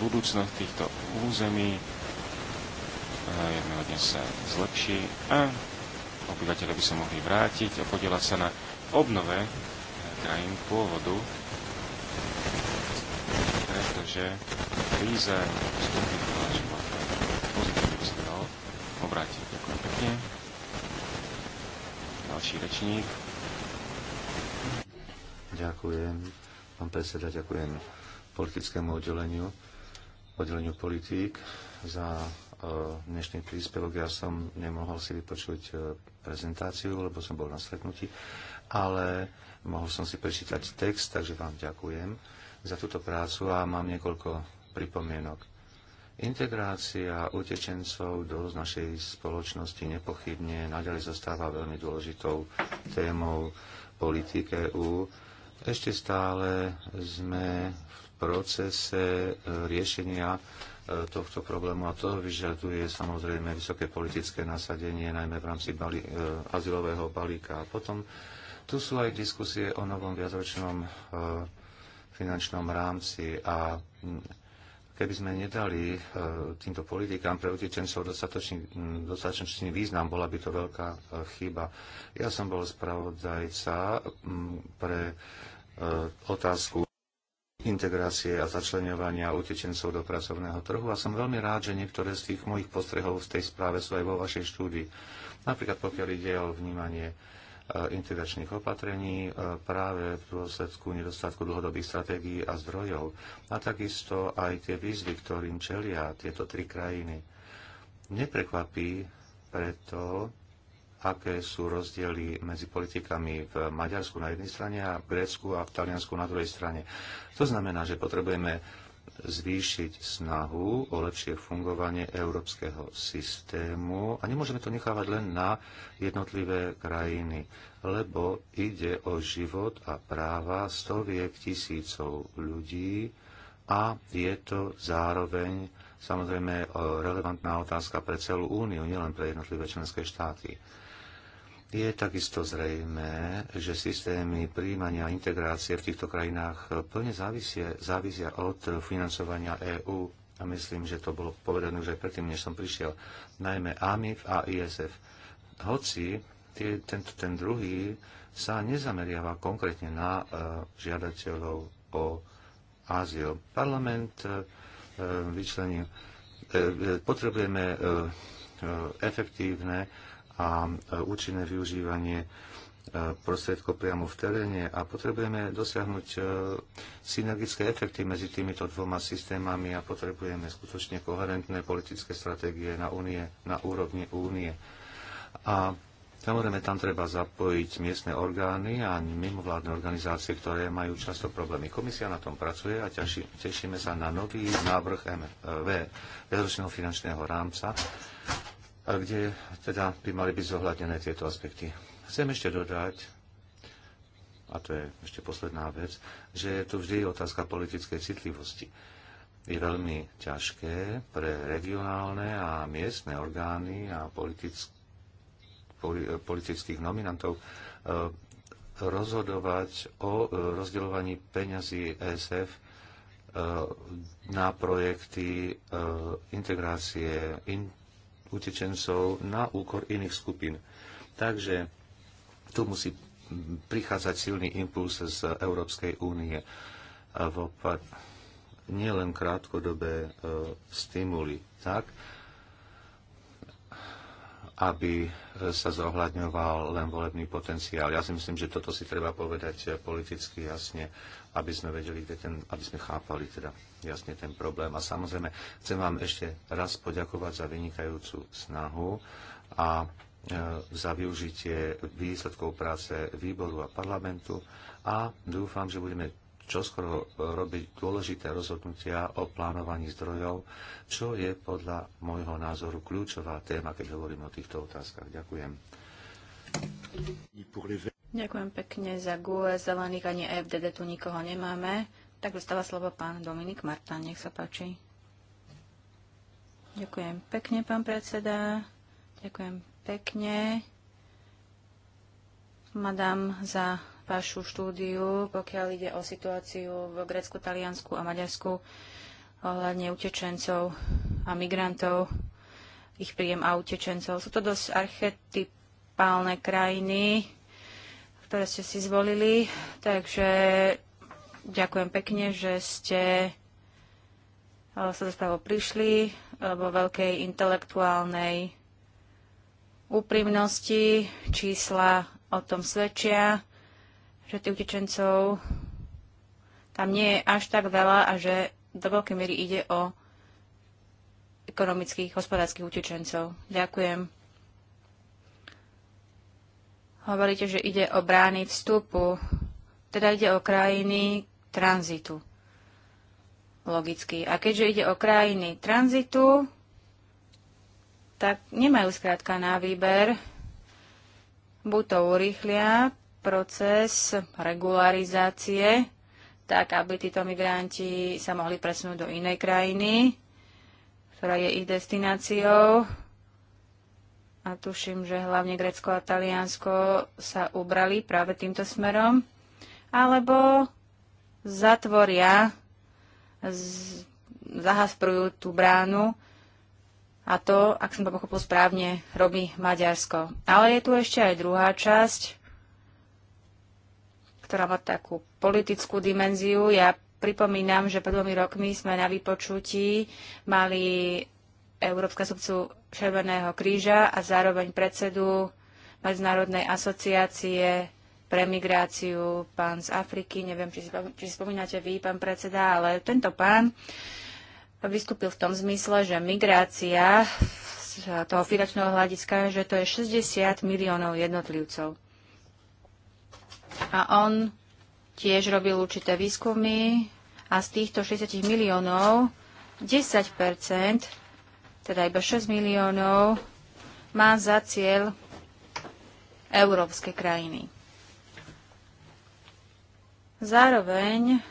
budúcnosť týchto území eh, jedného dňa sa zlepší a obyvateľe by sa mohli vrátiť a podielať sa na obnove eh, krajín pôvodu, pretože kríza vstúpi život. Pozitívne by sa dal obrátiť. Ďakujem pekne. Ďalší rečník. Ďakujem, pán predseda, ďakujem politickému oddeleniu, oddeleniu politík za eh, dnešný príspevok. Ja som nemohol si vypočuť eh, prezentáciu, lebo som bol na stretnutí, ale mohol som si prečítať text, takže vám ďakujem za túto prácu a mám niekoľko pripomienok. Integrácia utečencov do našej spoločnosti nepochybne naďalej zostáva veľmi dôležitou témou politike. EU. Ešte stále sme v procese e, riešenia E, tohto problému a to vyžaduje samozrejme vysoké politické nasadenie, najmä v rámci bali- e, azylového balíka. A potom tu sú aj diskusie o novom viacročnom e, finančnom rámci a keby sme nedali týmto politikám pre utečencov dostatočný, dostatočný význam, bola by to veľká chyba. Ja som bol spravodajca pre otázku integrácie a začlenovania utečencov do pracovného trhu a som veľmi rád, že niektoré z tých mojich postrehov v tej správe sú aj vo vašej štúdii. Napríklad pokiaľ ide o vnímanie e, integračných opatrení e, práve v dôsledku nedostatku dlhodobých stratégií a zdrojov a takisto aj tie výzvy, ktorým čelia tieto tri krajiny. Neprekvapí preto, aké sú rozdiely medzi politikami v Maďarsku na jednej strane a v Grécku a v Taliansku na druhej strane. To znamená, že potrebujeme zvýšiť snahu o lepšie fungovanie európskeho systému a nemôžeme to nechávať len na jednotlivé krajiny, lebo ide o život a práva stoviek tisícov ľudí a je to zároveň samozrejme eh, relevantná otázka pre celú úniu, nielen pre jednotlivé členské štáty. Je takisto zrejme, že systémy príjmania a integrácie v týchto krajinách plne závisie, závisia od financovania EÚ a myslím, že to bolo povedané už aj predtým, než som prišiel, najmä AMIF a ISF. Hoci tie, tento, ten druhý sa nezameriava konkrétne na uh, žiadateľov o azyl. Parlament uh, e, e, vyčlenil, uh, potrebujeme uh, efektívne a e, účinné využívanie e, prostriedkov priamo v teréne a potrebujeme dosiahnuť e, synergické efekty medzi týmito dvoma systémami a potrebujeme skutočne koherentné politické stratégie na, únie, na úrovni únie. A samozrejme tam treba zapojiť miestne orgány a mimovládne organizácie, ktoré majú často problémy. Komisia na tom pracuje a teší, tešíme sa na nový návrh MV výročného finančného rámca kde teda by mali byť zohľadnené tieto aspekty. Chcem ešte dodať, a to je ešte posledná vec, že je tu vždy otázka politickej citlivosti. Je veľmi ťažké pre regionálne a miestne orgány a politick- politických nominantov eh, rozhodovať o eh, rozdeľovaní peňazí ESF eh, na projekty integrácie, utečencov na úkor iných skupín. Takže tu musí prichádzať silný impuls z Európskej únie nielen krátkodobé e, stimuly, tak, aby sa zohľadňoval len volebný potenciál. Ja si myslím, že toto si treba povedať politicky jasne, aby sme vedeli, kde ten, aby sme chápali teda jasne ten problém. A samozrejme, chcem vám ešte raz poďakovať za vynikajúcu snahu a e, za využitie výsledkov práce výboru a parlamentu a dúfam, že budeme čoskoro robiť dôležité rozhodnutia o plánovaní zdrojov, čo je podľa môjho názoru kľúčová téma, keď hovorím o týchto otázkach. Ďakujem. Ďakujem pekne za GUE, zelených ani FDD, tu nikoho nemáme. Tak dostáva slovo pán Dominik Martán, nech sa páči. Ďakujem pekne, pán predseda. Ďakujem pekne, madam, za vašu štúdiu, pokiaľ ide o situáciu v Grécku, Taliansku a Maďarsku ohľadne utečencov a migrantov, ich príjem a utečencov. Sú to dosť archetypálne krajiny, ktoré ste si zvolili, takže ďakujem pekne, že ste eh, sa do správu prišli eh, vo veľkej intelektuálnej úprimnosti. Čísla o tom svedčia že tých utečencov tam nie je až tak veľa a že do veľkej miery ide o ekonomických, hospodárskych utečencov. Ďakujem. Hovoríte, že ide o brány vstupu, teda ide o krajiny tranzitu. Logicky. A keďže ide o krajiny tranzitu, tak nemajú skrátka na výber. Buď to urýchlia, proces regularizácie, tak aby títo migranti sa mohli presunúť do inej krajiny, ktorá je ich destináciou. A tuším, že hlavne Grécko a Taliansko sa ubrali práve týmto smerom. Alebo zatvoria, zahasprujú tú bránu, a to, ak som to pochopil správne, robí Maďarsko. Ale je tu ešte aj druhá časť, ktorá má takú politickú dimenziu. Ja pripomínam, že pred dvomi rokmi sme na vypočutí mali Európska subcu Červeného kríža a zároveň predsedu Medzinárodnej asociácie pre migráciu, pán z Afriky, neviem, či či si spomínate vy, pán predseda, ale tento pán vystúpil v tom zmysle, že migrácia z toho finančného hľadiska, že to je 60 miliónov jednotlivcov a on tiež robil určité výskumy a z týchto 60 miliónov 10 teda iba 6 miliónov, má za cieľ európske krajiny. Zároveň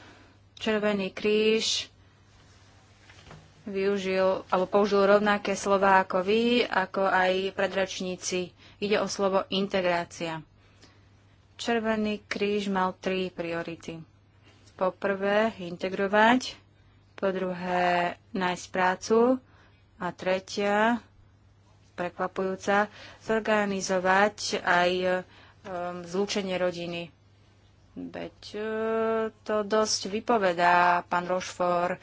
Červený kríž využil alebo použil rovnaké slova ako vy, ako aj predračníci. Ide o slovo integrácia. Červený kríž mal tri priority. Po prvé, integrovať, po druhé, nájsť prácu a tretia, prekvapujúca, zorganizovať aj um, zlúčenie rodiny. Veď uh, to dosť vypovedá pán Rošfor, uh,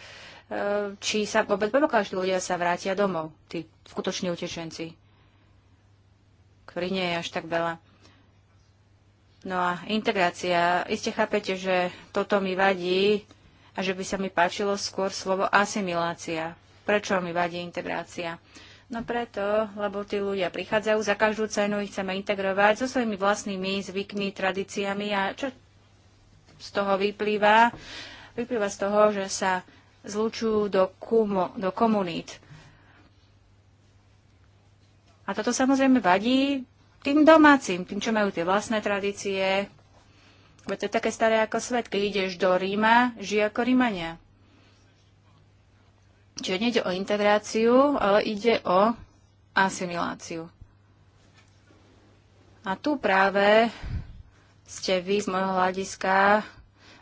či sa vôbec predpokladá, že ľudia sa vrátia domov, tí skutoční utečenci, ktorí nie je až tak veľa. No a integrácia. Iste chápete, že toto mi vadí a že by sa mi páčilo skôr slovo asimilácia. Prečo mi vadí integrácia? No preto, lebo tí ľudia prichádzajú, za každú cenu ich chceme integrovať so svojimi vlastnými zvykmi, tradíciami a čo z toho vyplýva? Vyplýva z toho, že sa zlučujú do, kumo, do komunít. A toto samozrejme vadí tým domácim, tým, čo majú tie vlastné tradície. Bo to je také staré ako svet. Keď ideš do Ríma, žij ako Rímania. Čiže nejde o integráciu, ale ide o asimiláciu. A tu práve ste vy z môjho hľadiska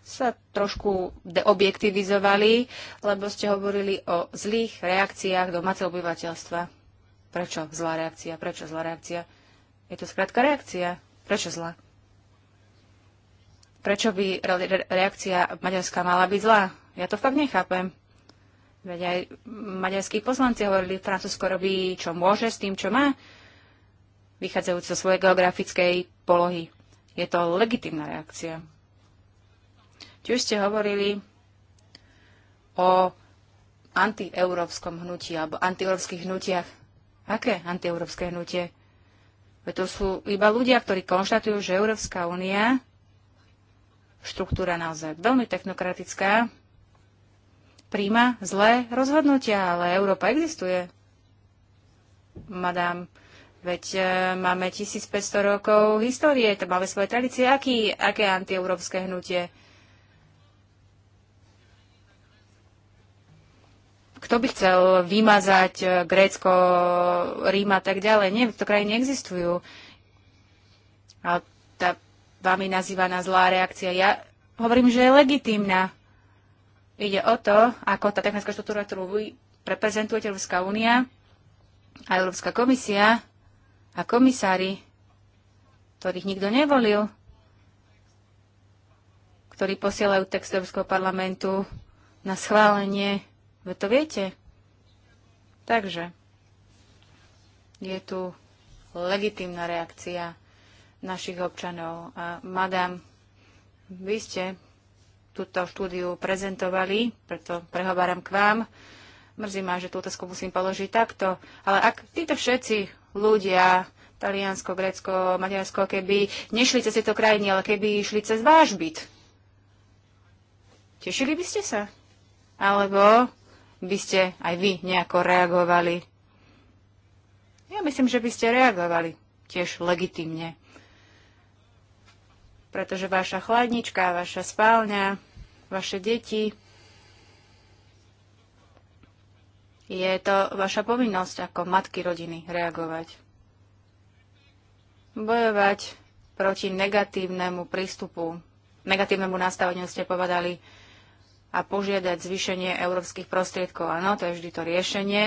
sa trošku deobjektivizovali, lebo ste hovorili o zlých reakciách domáceho obyvateľstva. Prečo zlá reakcia? Prečo zlá reakcia? Je to skrátka reakcia. Prečo zlá? Prečo by reakcia Maďarska mala byť zlá? Ja to fakt nechápem. Veď aj maďarskí poslanci hovorili, Francúzsko robí, čo môže s tým, čo má, vychádzajúc zo svojej geografickej polohy. Je to legitimná reakcia. Či už ste hovorili o antieurópskom hnutí alebo antieurópskych hnutiach. Aké antieurópske hnutie? To sú iba ľudia, ktorí konštatujú, že Európska únia, štruktúra naozaj veľmi technokratická, príjma zlé rozhodnutia, ale Európa existuje. Madame, veď e, máme 1500 rokov histórie, to máme svoje tradície. Aký, aké antieurópske hnutie? Kto by chcel vymazať e, Grécko, Rím a tak ďalej? Nie, to krajiny neexistujú. A tá vami nazývaná zlá reakcia, ja hovorím, že je legitímna. Ide o to, ako tá technická štruktúra, ktorú vy reprezentujete, Európska únia a Európska komisia a komisári, ktorých nikto nevolil, ktorí posielajú text Európskeho parlamentu na schválenie vy to viete. Takže je tu legitimná reakcia našich občanov. A madam, vy ste túto štúdiu prezentovali, preto prehováram k vám. Mrzí ma, že tú otázku musím položiť takto. Ale ak títo všetci ľudia, Taliansko, Grécko, Maďarsko, keby nešli cez tieto krajiny, ale keby išli cez váš byt, tešili by ste sa? Alebo by ste aj vy nejako reagovali. Ja myslím, že by ste reagovali tiež legitimne. Pretože vaša chladnička, vaša spálňa, vaše deti, je to vaša povinnosť ako matky rodiny reagovať. Bojovať proti negatívnemu prístupu, negatívnemu nastaveniu ste povedali, a požiadať zvýšenie európskych prostriedkov. Áno, to je vždy to riešenie.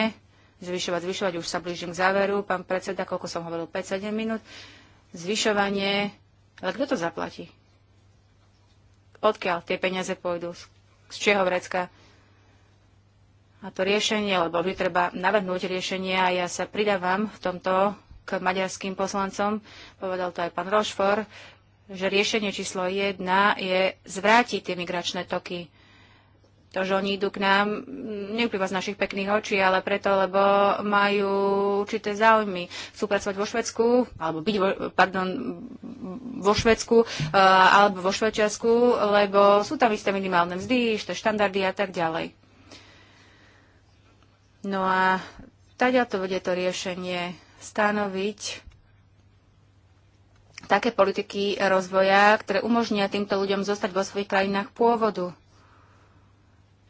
Zvyšovať, zvyšovať, už sa blížim k záveru. Pán predseda, koľko som hovoril, 5-7 minút. Zvyšovanie, ale kto to zaplatí? Odkiaľ tie peniaze pôjdu? Z čieho vrecka? A to riešenie, lebo vždy treba navrhnúť riešenie a ja sa pridávam v tomto k maďarským poslancom, povedal to aj pán Rošfor, že riešenie číslo 1 je zvrátiť tie migračné toky to, že oni idú k nám, mm, neplýva z našich pekných očí, ale preto, lebo majú určité záujmy. Chcú pracovať vo Švedsku, alebo byť, vo, pardon, vo Švedsku, uh, alebo vo Švedčiarsku, lebo sú tam isté minimálne mzdy, isté štandardy a tak ďalej. No a taďa to bude to riešenie stanoviť také politiky rozvoja, ktoré umožnia týmto ľuďom zostať vo svojich krajinách pôvodu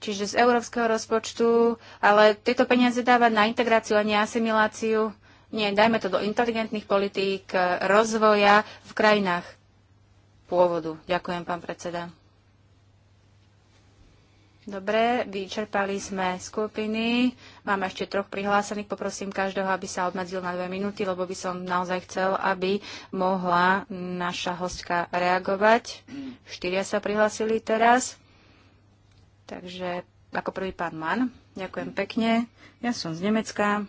čiže z európskeho rozpočtu, ale tieto peniaze dávať na integráciu a neasimiláciu. Nie, dajme to do inteligentných politík e, rozvoja v krajinách pôvodu. Ďakujem, pán predseda. Dobre, vyčerpali sme skupiny. Mám ešte troch prihlásených. Poprosím každého, aby sa obmedzil na dve minúty, lebo by som naozaj chcel, aby mohla naša hostka reagovať. Štyria sa prihlásili teraz. Takže ako prvý pán Man, ďakujem pekne. Ja som z Nemecka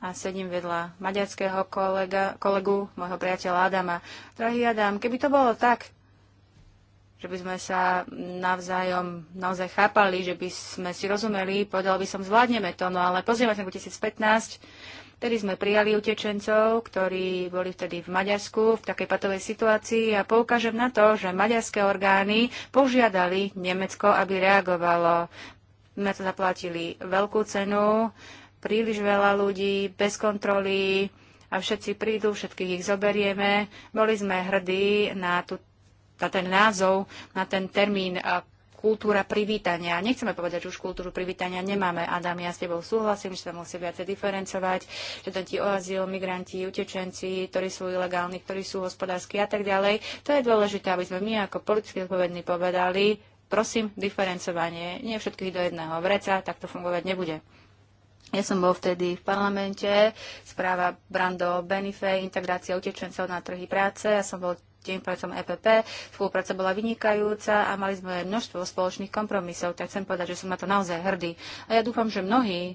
a sedím vedľa maďarského kolega, kolegu, môjho priateľa Adama. Drahý Adam, keby to bolo tak, že by sme sa navzájom naozaj chápali, že by sme si rozumeli, povedal by som, zvládneme to, no ale pozrieme sa 2015 Vtedy sme prijali utečencov, ktorí boli vtedy v Maďarsku v takej patovej situácii a poukážem na to, že maďarské orgány požiadali Nemecko, aby reagovalo. My to zaplatili veľkú cenu, príliš veľa ľudí, bez kontroly a všetci prídu, všetkých ich zoberieme. Boli sme hrdí na, tú, na ten názov, na ten termín kultúra privítania. Nechceme povedať, že už kultúru privítania nemáme. Adam, ja s tebou súhlasím, že sa musí viacej diferencovať, že to ti oazil, migranti, utečenci, ktorí sú ilegálni, ktorí sú hospodársky a tak ďalej. To je dôležité, aby sme my ako politicky odpovední povedali, prosím, diferencovanie, nie všetkých do jedného vreca, tak to fungovať nebude. Ja som bol vtedy v parlamente, správa Brando Benifej, integrácia utečencov na trhy práce. Ja som bol tým pracom EPP. Spolupráca bola vynikajúca a mali sme množstvo spoločných kompromisov, tak chcem povedať, že som na to naozaj hrdý. A ja dúfam, že mnohí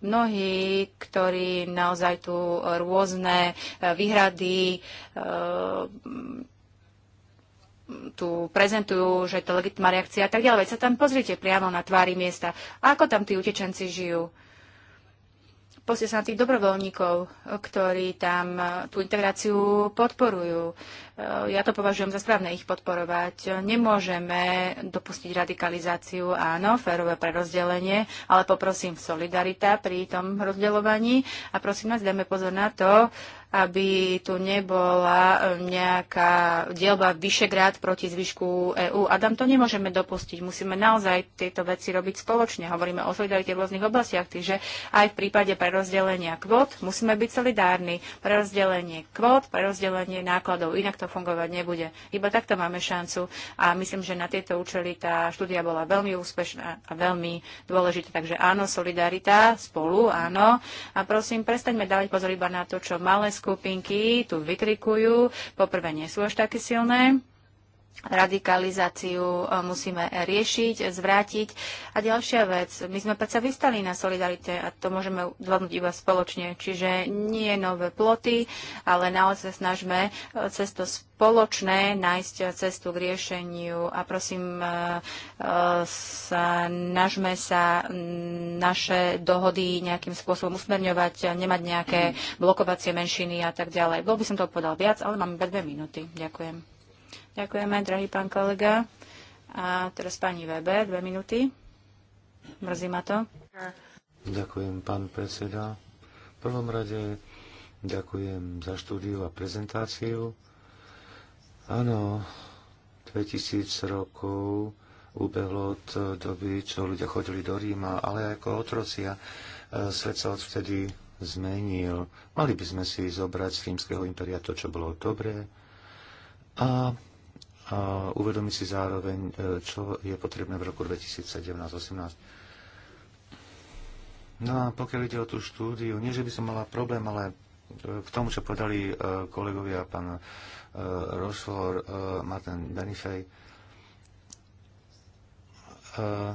mnohí, ktorí naozaj tu rôzne e, výhrady e, tu prezentujú, že je to legitimá reakcia a tak ďalej. Veď sa tam pozrite priamo na tvári miesta. Ako tam tí utečenci žijú? Pozrite sa na tých dobrovoľníkov, ktorí tam e, tú integráciu podporujú. E, ja to považujem za správne ich podporovať. Nemôžeme dopustiť radikalizáciu, áno, férové prerozdelenie, ale poprosím solidarita pri tom rozdeľovaní a prosím vás, dajme pozor na to, aby tu nebola eh, nejaká dielba Vyšegrád proti zvyšku EÚ. A tam to nemôžeme dopustiť. Musíme naozaj tieto veci robiť spoločne. Hovoríme o solidarite v rôznych oblastiach, takže aj v prípade prerozdelenia kvót musíme byť solidárni. Prerozdelenie kvót, prerozdelenie nákladov, inak to fungovať nebude. Iba takto máme šancu a myslím, že na tieto účely tá štúdia bola veľmi úspešná a veľmi dôležitá. Takže áno, solidarita, spolu, áno. A prosím, prestaňme dávať pozor iba na to, čo malé skupinky tu vykrikujú. Poprvé nie sú až také silné radikalizáciu e, musíme riešiť, zvrátiť. A ďalšia vec, my sme predsa vystali na solidarite a to môžeme zvládnuť iba spoločne. Čiže nie nové ploty, ale naozaj snažme e, cez to spoločné nájsť cestu k riešeniu a prosím, e, snažme sa naše dohody nejakým spôsobom usmerňovať, nemať nejaké blokovacie menšiny a tak ďalej. Bol by som to povedal viac, ale máme dve minúty. Ďakujem. Ďakujeme, drahý pán kolega. A teraz pani Weber, dve minúty. Mrzí ma to. Ďakujem, pán predseda. V prvom rade ďakujem za štúdiu a prezentáciu. Áno, 2000 rokov ubehlo od doby, čo ľudia chodili do Ríma, ale ako otrocia e, svet sa odvtedy zmenil. Mali by sme si zobrať z rímskeho imperia to, čo bolo dobré a a uvedomiť si zároveň, e, čo je potrebné v roku 2017-2018. No a pokiaľ ide o tú štúdiu, nie že by som mala problém, ale e, k tomu, čo povedali e, kolegovia pán Rošfor, Martin Benifej, v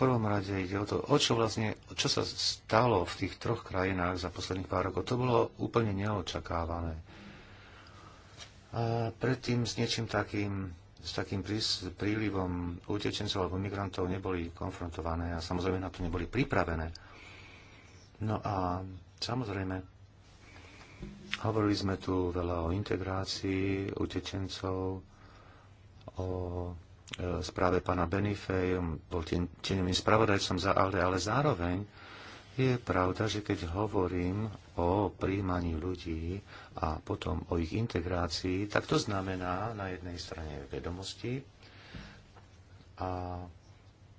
prvom rade ide o to, o čo vlastne, čo sa stalo v tých troch krajinách za posledných pár rokov, to bolo úplne neočakávané predtým s niečím takým, s takým prílivom utečencov alebo migrantov neboli konfrontované a samozrejme na to neboli pripravené. No a samozrejme, hovorili sme tu veľa o integrácii utečencov, o e, správe pána Benifej, bol tieňovým spravodajcom za Ale, ale zároveň je pravda, že keď hovorím o príjmaní ľudí a potom o ich integrácii, tak to znamená na jednej strane vedomosti a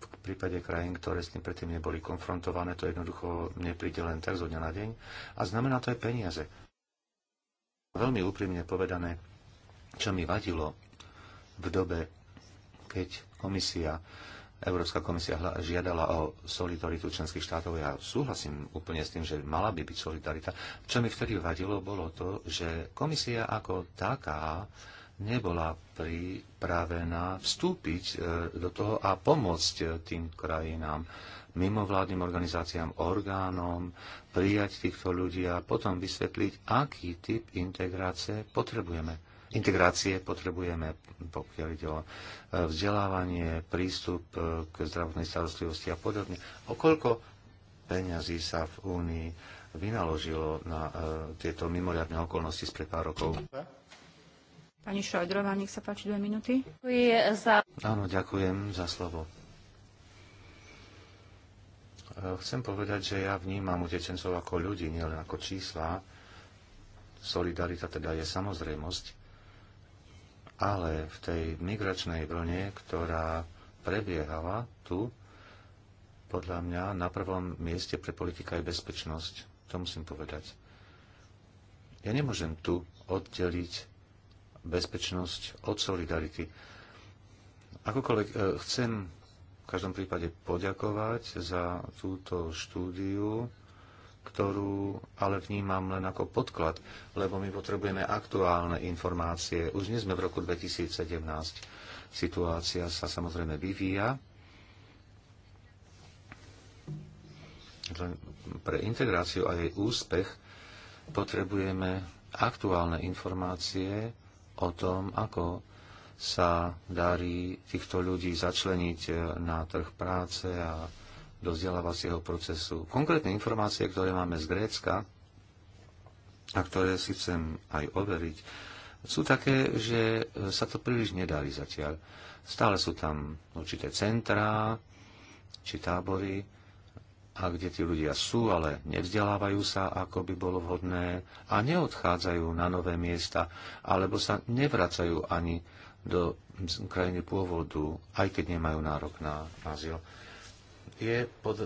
v prípade krajín, ktoré s tým predtým neboli konfrontované, to jednoducho nepríde len tak zo dňa na deň. A znamená to aj peniaze. Veľmi úprimne povedané, čo mi vadilo v dobe, keď komisia Európska komisia žiadala o solidaritu členských štátov. Ja súhlasím úplne s tým, že mala by byť solidarita. Čo mi vtedy vadilo, bolo to, že komisia ako taká nebola pripravená vstúpiť e, do toho a pomôcť e, tým krajinám, mimovládnym organizáciám, orgánom, prijať týchto ľudí a potom vysvetliť, aký typ integrácie potrebujeme integrácie potrebujeme, pokiaľ ide o e, vzdelávanie, prístup e, k zdravotnej starostlivosti a podobne. koľko peňazí sa v Únii vynaložilo na e, tieto mimoriadne okolnosti spred pár rokov? Pani Šojdrová, nech sa páči dve minúty. za... Áno, ďakujem za slovo. Chcem povedať, že ja vnímam utečencov ako ľudí, nielen ako čísla. Solidarita teda je samozrejmosť ale v tej migračnej vlne, ktorá prebiehala tu, podľa mňa na prvom mieste pre politika je bezpečnosť. To musím povedať. Ja nemôžem tu oddeliť bezpečnosť od solidarity. Akokoľvek e, chcem v každom prípade poďakovať za túto štúdiu ktorú ale vnímam len ako podklad, lebo my potrebujeme aktuálne informácie. Už nie sme v roku 2017. Situácia sa samozrejme vyvíja. Pre integráciu a jej úspech potrebujeme aktuálne informácie o tom, ako sa darí týchto ľudí začleniť na trh práce a do vzdelávacieho procesu. Konkrétne informácie, ktoré máme z Grécka a ktoré si chcem aj overiť, sú také, že sa to príliš nedarí zatiaľ. Stále sú tam určité centrá či tábory, a kde tí ľudia sú, ale nevzdelávajú sa, ako by bolo vhodné a neodchádzajú na nové miesta, alebo sa nevracajú ani do krajiny pôvodu, aj keď nemajú nárok na azyl je pod,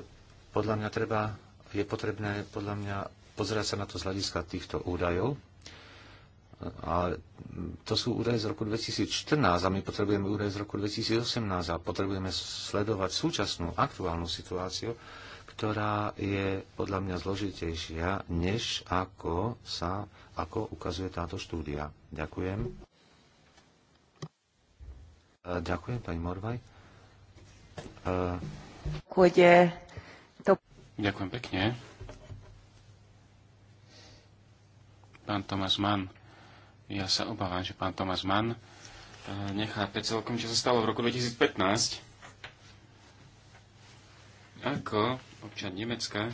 podľa mňa treba, je potrebné podľa mňa pozerať sa na to z hľadiska týchto údajov. A to sú údaje z roku 2014 a my potrebujeme údaje z roku 2018 a potrebujeme sledovať súčasnú aktuálnu situáciu, ktorá je podľa mňa zložitejšia, než ako sa ako ukazuje táto štúdia. Ďakujem. Ďakujem, pani Morvaj. E, Ďakujem pekne. Pán Tomás Mann, ja sa obávam, že pán Tomás Mann e, nechápe celkom, čo sa stalo v roku 2015. Ako občan Nemecka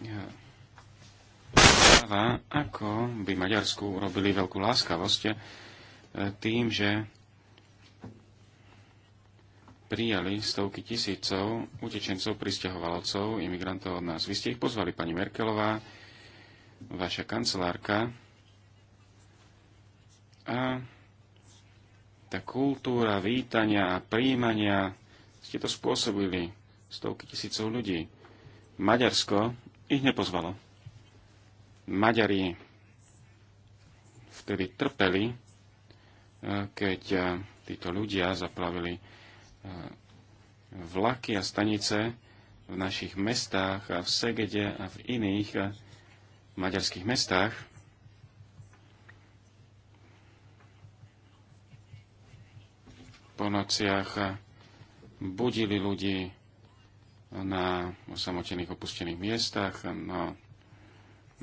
ja, ako by Maďarsku urobili veľkú láskavosť e, tým, že prijali stovky tisícov utečencov, pristahovalcov, imigrantov od nás. Vy ste ich pozvali, pani Merkelová, vaša kancelárka. A tá kultúra vítania a príjmania, ste to spôsobili stovky tisícov ľudí. Maďarsko ich nepozvalo. Maďari vtedy trpeli, eh, keď eh, títo ľudia zaplavili vlaky a stanice v našich mestách a v Segede a v iných eh, maďarských mestách. Po nociach eh, budili ľudí na osamotených opustených miestach. No,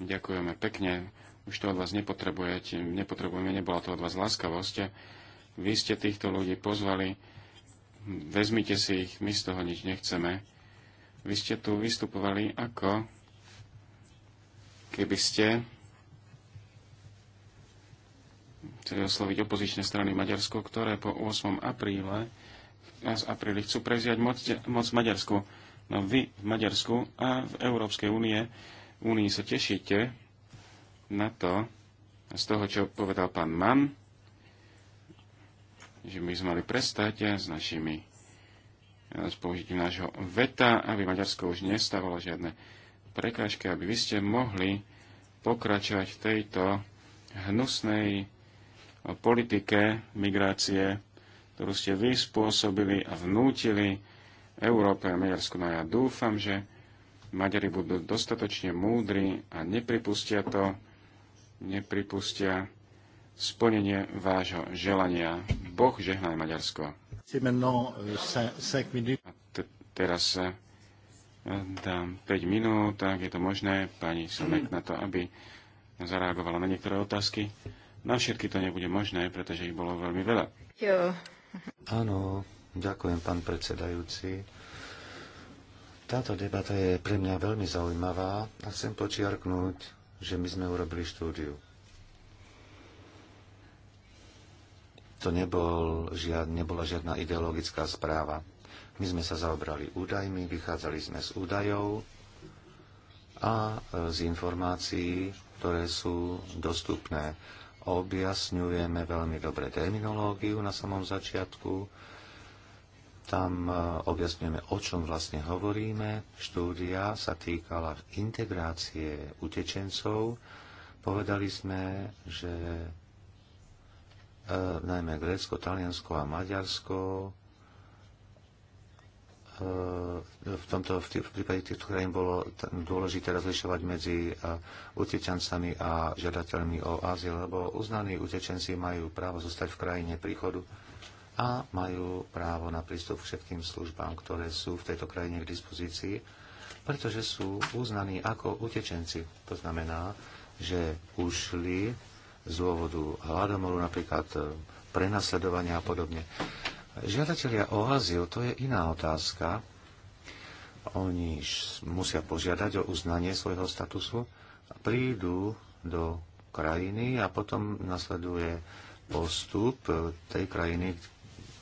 ďakujeme pekne. Už to od vás nepotrebujete, nepotrebujeme, nebola to od vás láskavosť. Vy ste týchto ľudí pozvali vezmite si ich, my z toho nič nechceme. Vy ste tu vystupovali ako keby ste chceli osloviť opozičné strany Maďarsko, ktoré po 8. apríle z apríli chcú preziať moc, moc Maďarsku. No vy v Maďarsku a v Európskej únie, únii sa tešíte na to, z toho, čo povedal pán Mann, že my sme mali prestať s našimi s použitím nášho veta, aby Maďarsko už nestávalo žiadne prekážky, aby vy ste mohli pokračovať v tejto hnusnej politike migrácie, ktorú ste vy spôsobili a vnútili Európe a Maďarsku. No ja dúfam, že Maďari budú dostatočne múdri a nepripustia to, nepripustia splnenie vášho želania. Boh žehnaj Maďarsko. Euh, a te- teraz eh, dám 5 minút, tak je to možné, pani Somek, na to, aby zareagovala na niektoré otázky. Na všetky to nebude možné, pretože ich bolo veľmi veľa. Jo. Áno, ďakujem, pán predsedajúci. Táto debata je pre mňa veľmi zaujímavá a chcem počiarknúť, že my sme urobili štúdiu. To nebol žiad, nebola žiadna ideologická správa. My sme sa zaobrali údajmi, vychádzali sme z údajov a e, z informácií, ktoré sú dostupné. Objasňujeme veľmi dobre terminológiu na samom začiatku. Tam e, objasňujeme, o čom vlastne hovoríme. Štúdia sa týkala integrácie utečencov. Povedali sme, že E, najmä Grécko, Taliansko a Maďarsko. E, v, tomto, v prípade týchto krajín bolo dôležité rozlišovať medzi e, utečencami a žiadateľmi o azyl, lebo uznaní utečenci majú právo zostať v krajine príchodu a majú právo na prístup k všetkým službám, ktoré sú v tejto krajine k dispozícii, pretože sú uznaní ako utečenci. To znamená, že ušli z dôvodu hladomoru, napríklad e, prenasledovania a podobne. Žiadatelia o azyl, to je iná otázka. Oni musia požiadať o uznanie svojho statusu, prídu do krajiny a potom nasleduje postup e, tej krajiny,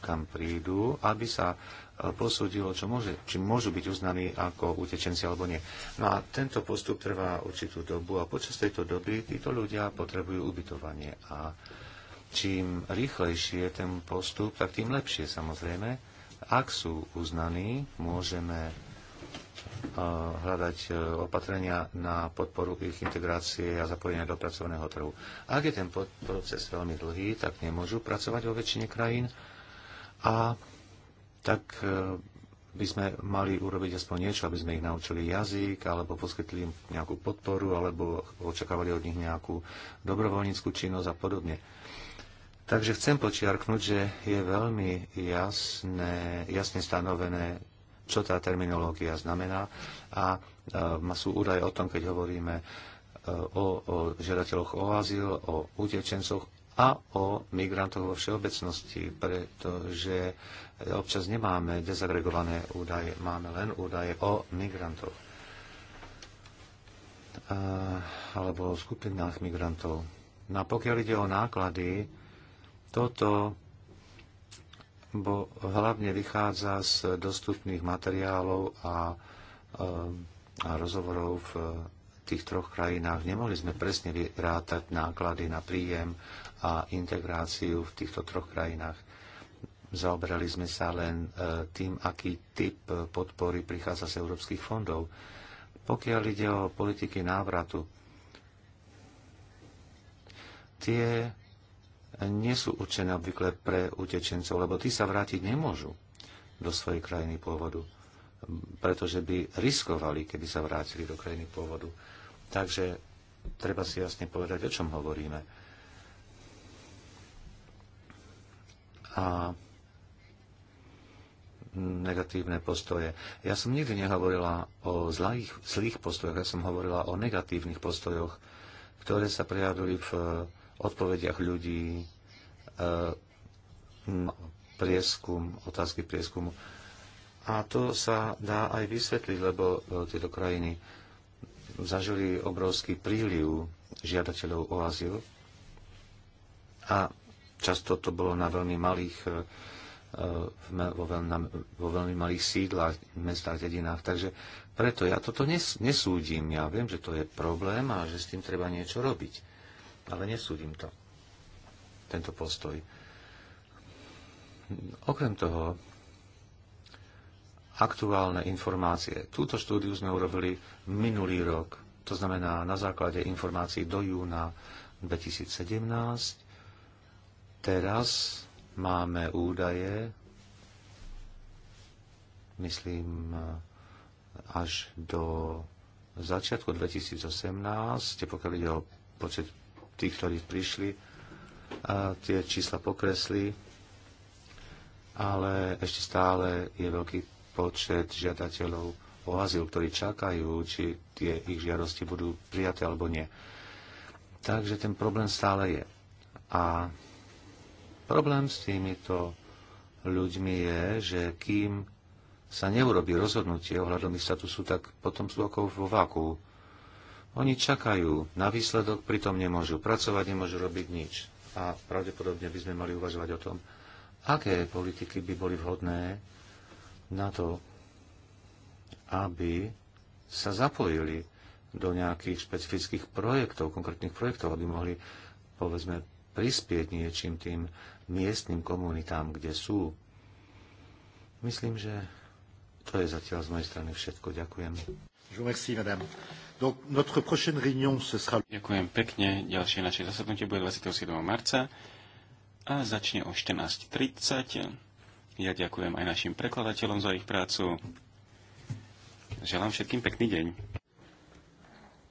kam prídu, aby sa posúdilo, čo môže, či môžu byť uznaní ako utečenci alebo nie. No a tento postup trvá určitú dobu a počas tejto doby títo ľudia potrebujú ubytovanie. A čím rýchlejšie je ten postup, tak tým lepšie samozrejme. Ak sú uznaní, môžeme e, hľadať e, opatrenia na podporu ich integrácie a zapojenia do pracovného trhu. Ak je ten proces veľmi dlhý, tak nemôžu pracovať vo väčšine krajín a tak e, by sme mali urobiť aspoň niečo, aby sme ich naučili jazyk, alebo poskytli im nejakú podporu, alebo očakávali od nich nejakú dobrovoľníckú činnosť a podobne. Takže chcem počiarknúť, že je veľmi jasné, jasne stanovené, čo tá terminológia znamená a e, sú údaje o tom, keď hovoríme e, o, o žiadateľoch o azyl, o utečencoch a o migrantoch vo všeobecnosti, pretože občas nemáme dezagregované údaje, máme len údaje o migrantov alebo o skupinách migrantov. No a pokiaľ ide o náklady, toto bo hlavne vychádza z dostupných materiálov a, a rozhovorov v tých troch krajinách. Nemohli sme presne vyrátať náklady na príjem a integráciu v týchto troch krajinách. Zaoberali sme sa len e, tým, aký typ podpory prichádza z európskych fondov. Pokiaľ ide o politiky návratu, tie nie sú určené obvykle pre utečencov, lebo tí sa vrátiť nemôžu do svojej krajiny pôvodu, pretože by riskovali, keby sa vrátili do krajiny pôvodu. Takže treba si jasne povedať, o čom hovoríme. A negatívne postoje. Ja som nikdy nehovorila o zlých, zlých postojoch, ja som hovorila o negatívnych postojoch, ktoré sa prejavili v eh, odpovediach ľudí, eh, prieskum, otázky prieskumu. A to sa dá aj vysvetliť, lebo eh, tieto krajiny zažili obrovský príliv žiadateľov o azyl a často to bolo na veľmi malých vo, veľmi malých sídlach, mestách, dedinách. Takže preto ja toto nesúdim. Ja viem, že to je problém a že s tým treba niečo robiť. Ale nesúdim to. Tento postoj. Okrem toho, aktuálne informácie. Túto štúdiu sme urobili minulý rok. To znamená na základe informácií do júna 2017. Teraz máme údaje, myslím, až do začiatku 2018, pokiaľ ide o počet tých, ktorí prišli, a tie čísla pokresli, ale ešte stále je veľký počet žiadateľov o azyl, ktorí čakajú, či tie ich žiadosti budú prijaté alebo nie. Takže ten problém stále je. A Problém s týmito ľuďmi je, že kým sa neurobi rozhodnutie ohľadom ich statusu, tak potom sú ako vo váku. Oni čakajú na výsledok, pritom nemôžu pracovať, nemôžu robiť nič. A pravdepodobne by sme mali uvažovať o tom, aké politiky by boli vhodné na to, aby sa zapojili do nejakých špecifických projektov, konkrétnych projektov, aby mohli, povedzme, prispieť niečím tým miestnym komunitám, kde sú. Myslím, že to je zatiaľ z mojej strany všetko. Ďakujem. Ďakujem pekne. Ďalšie naše zasadnutie bude 27. marca a začne o 14.30. Ja ďakujem aj našim prekladateľom za ich prácu. Želám všetkým pekný deň.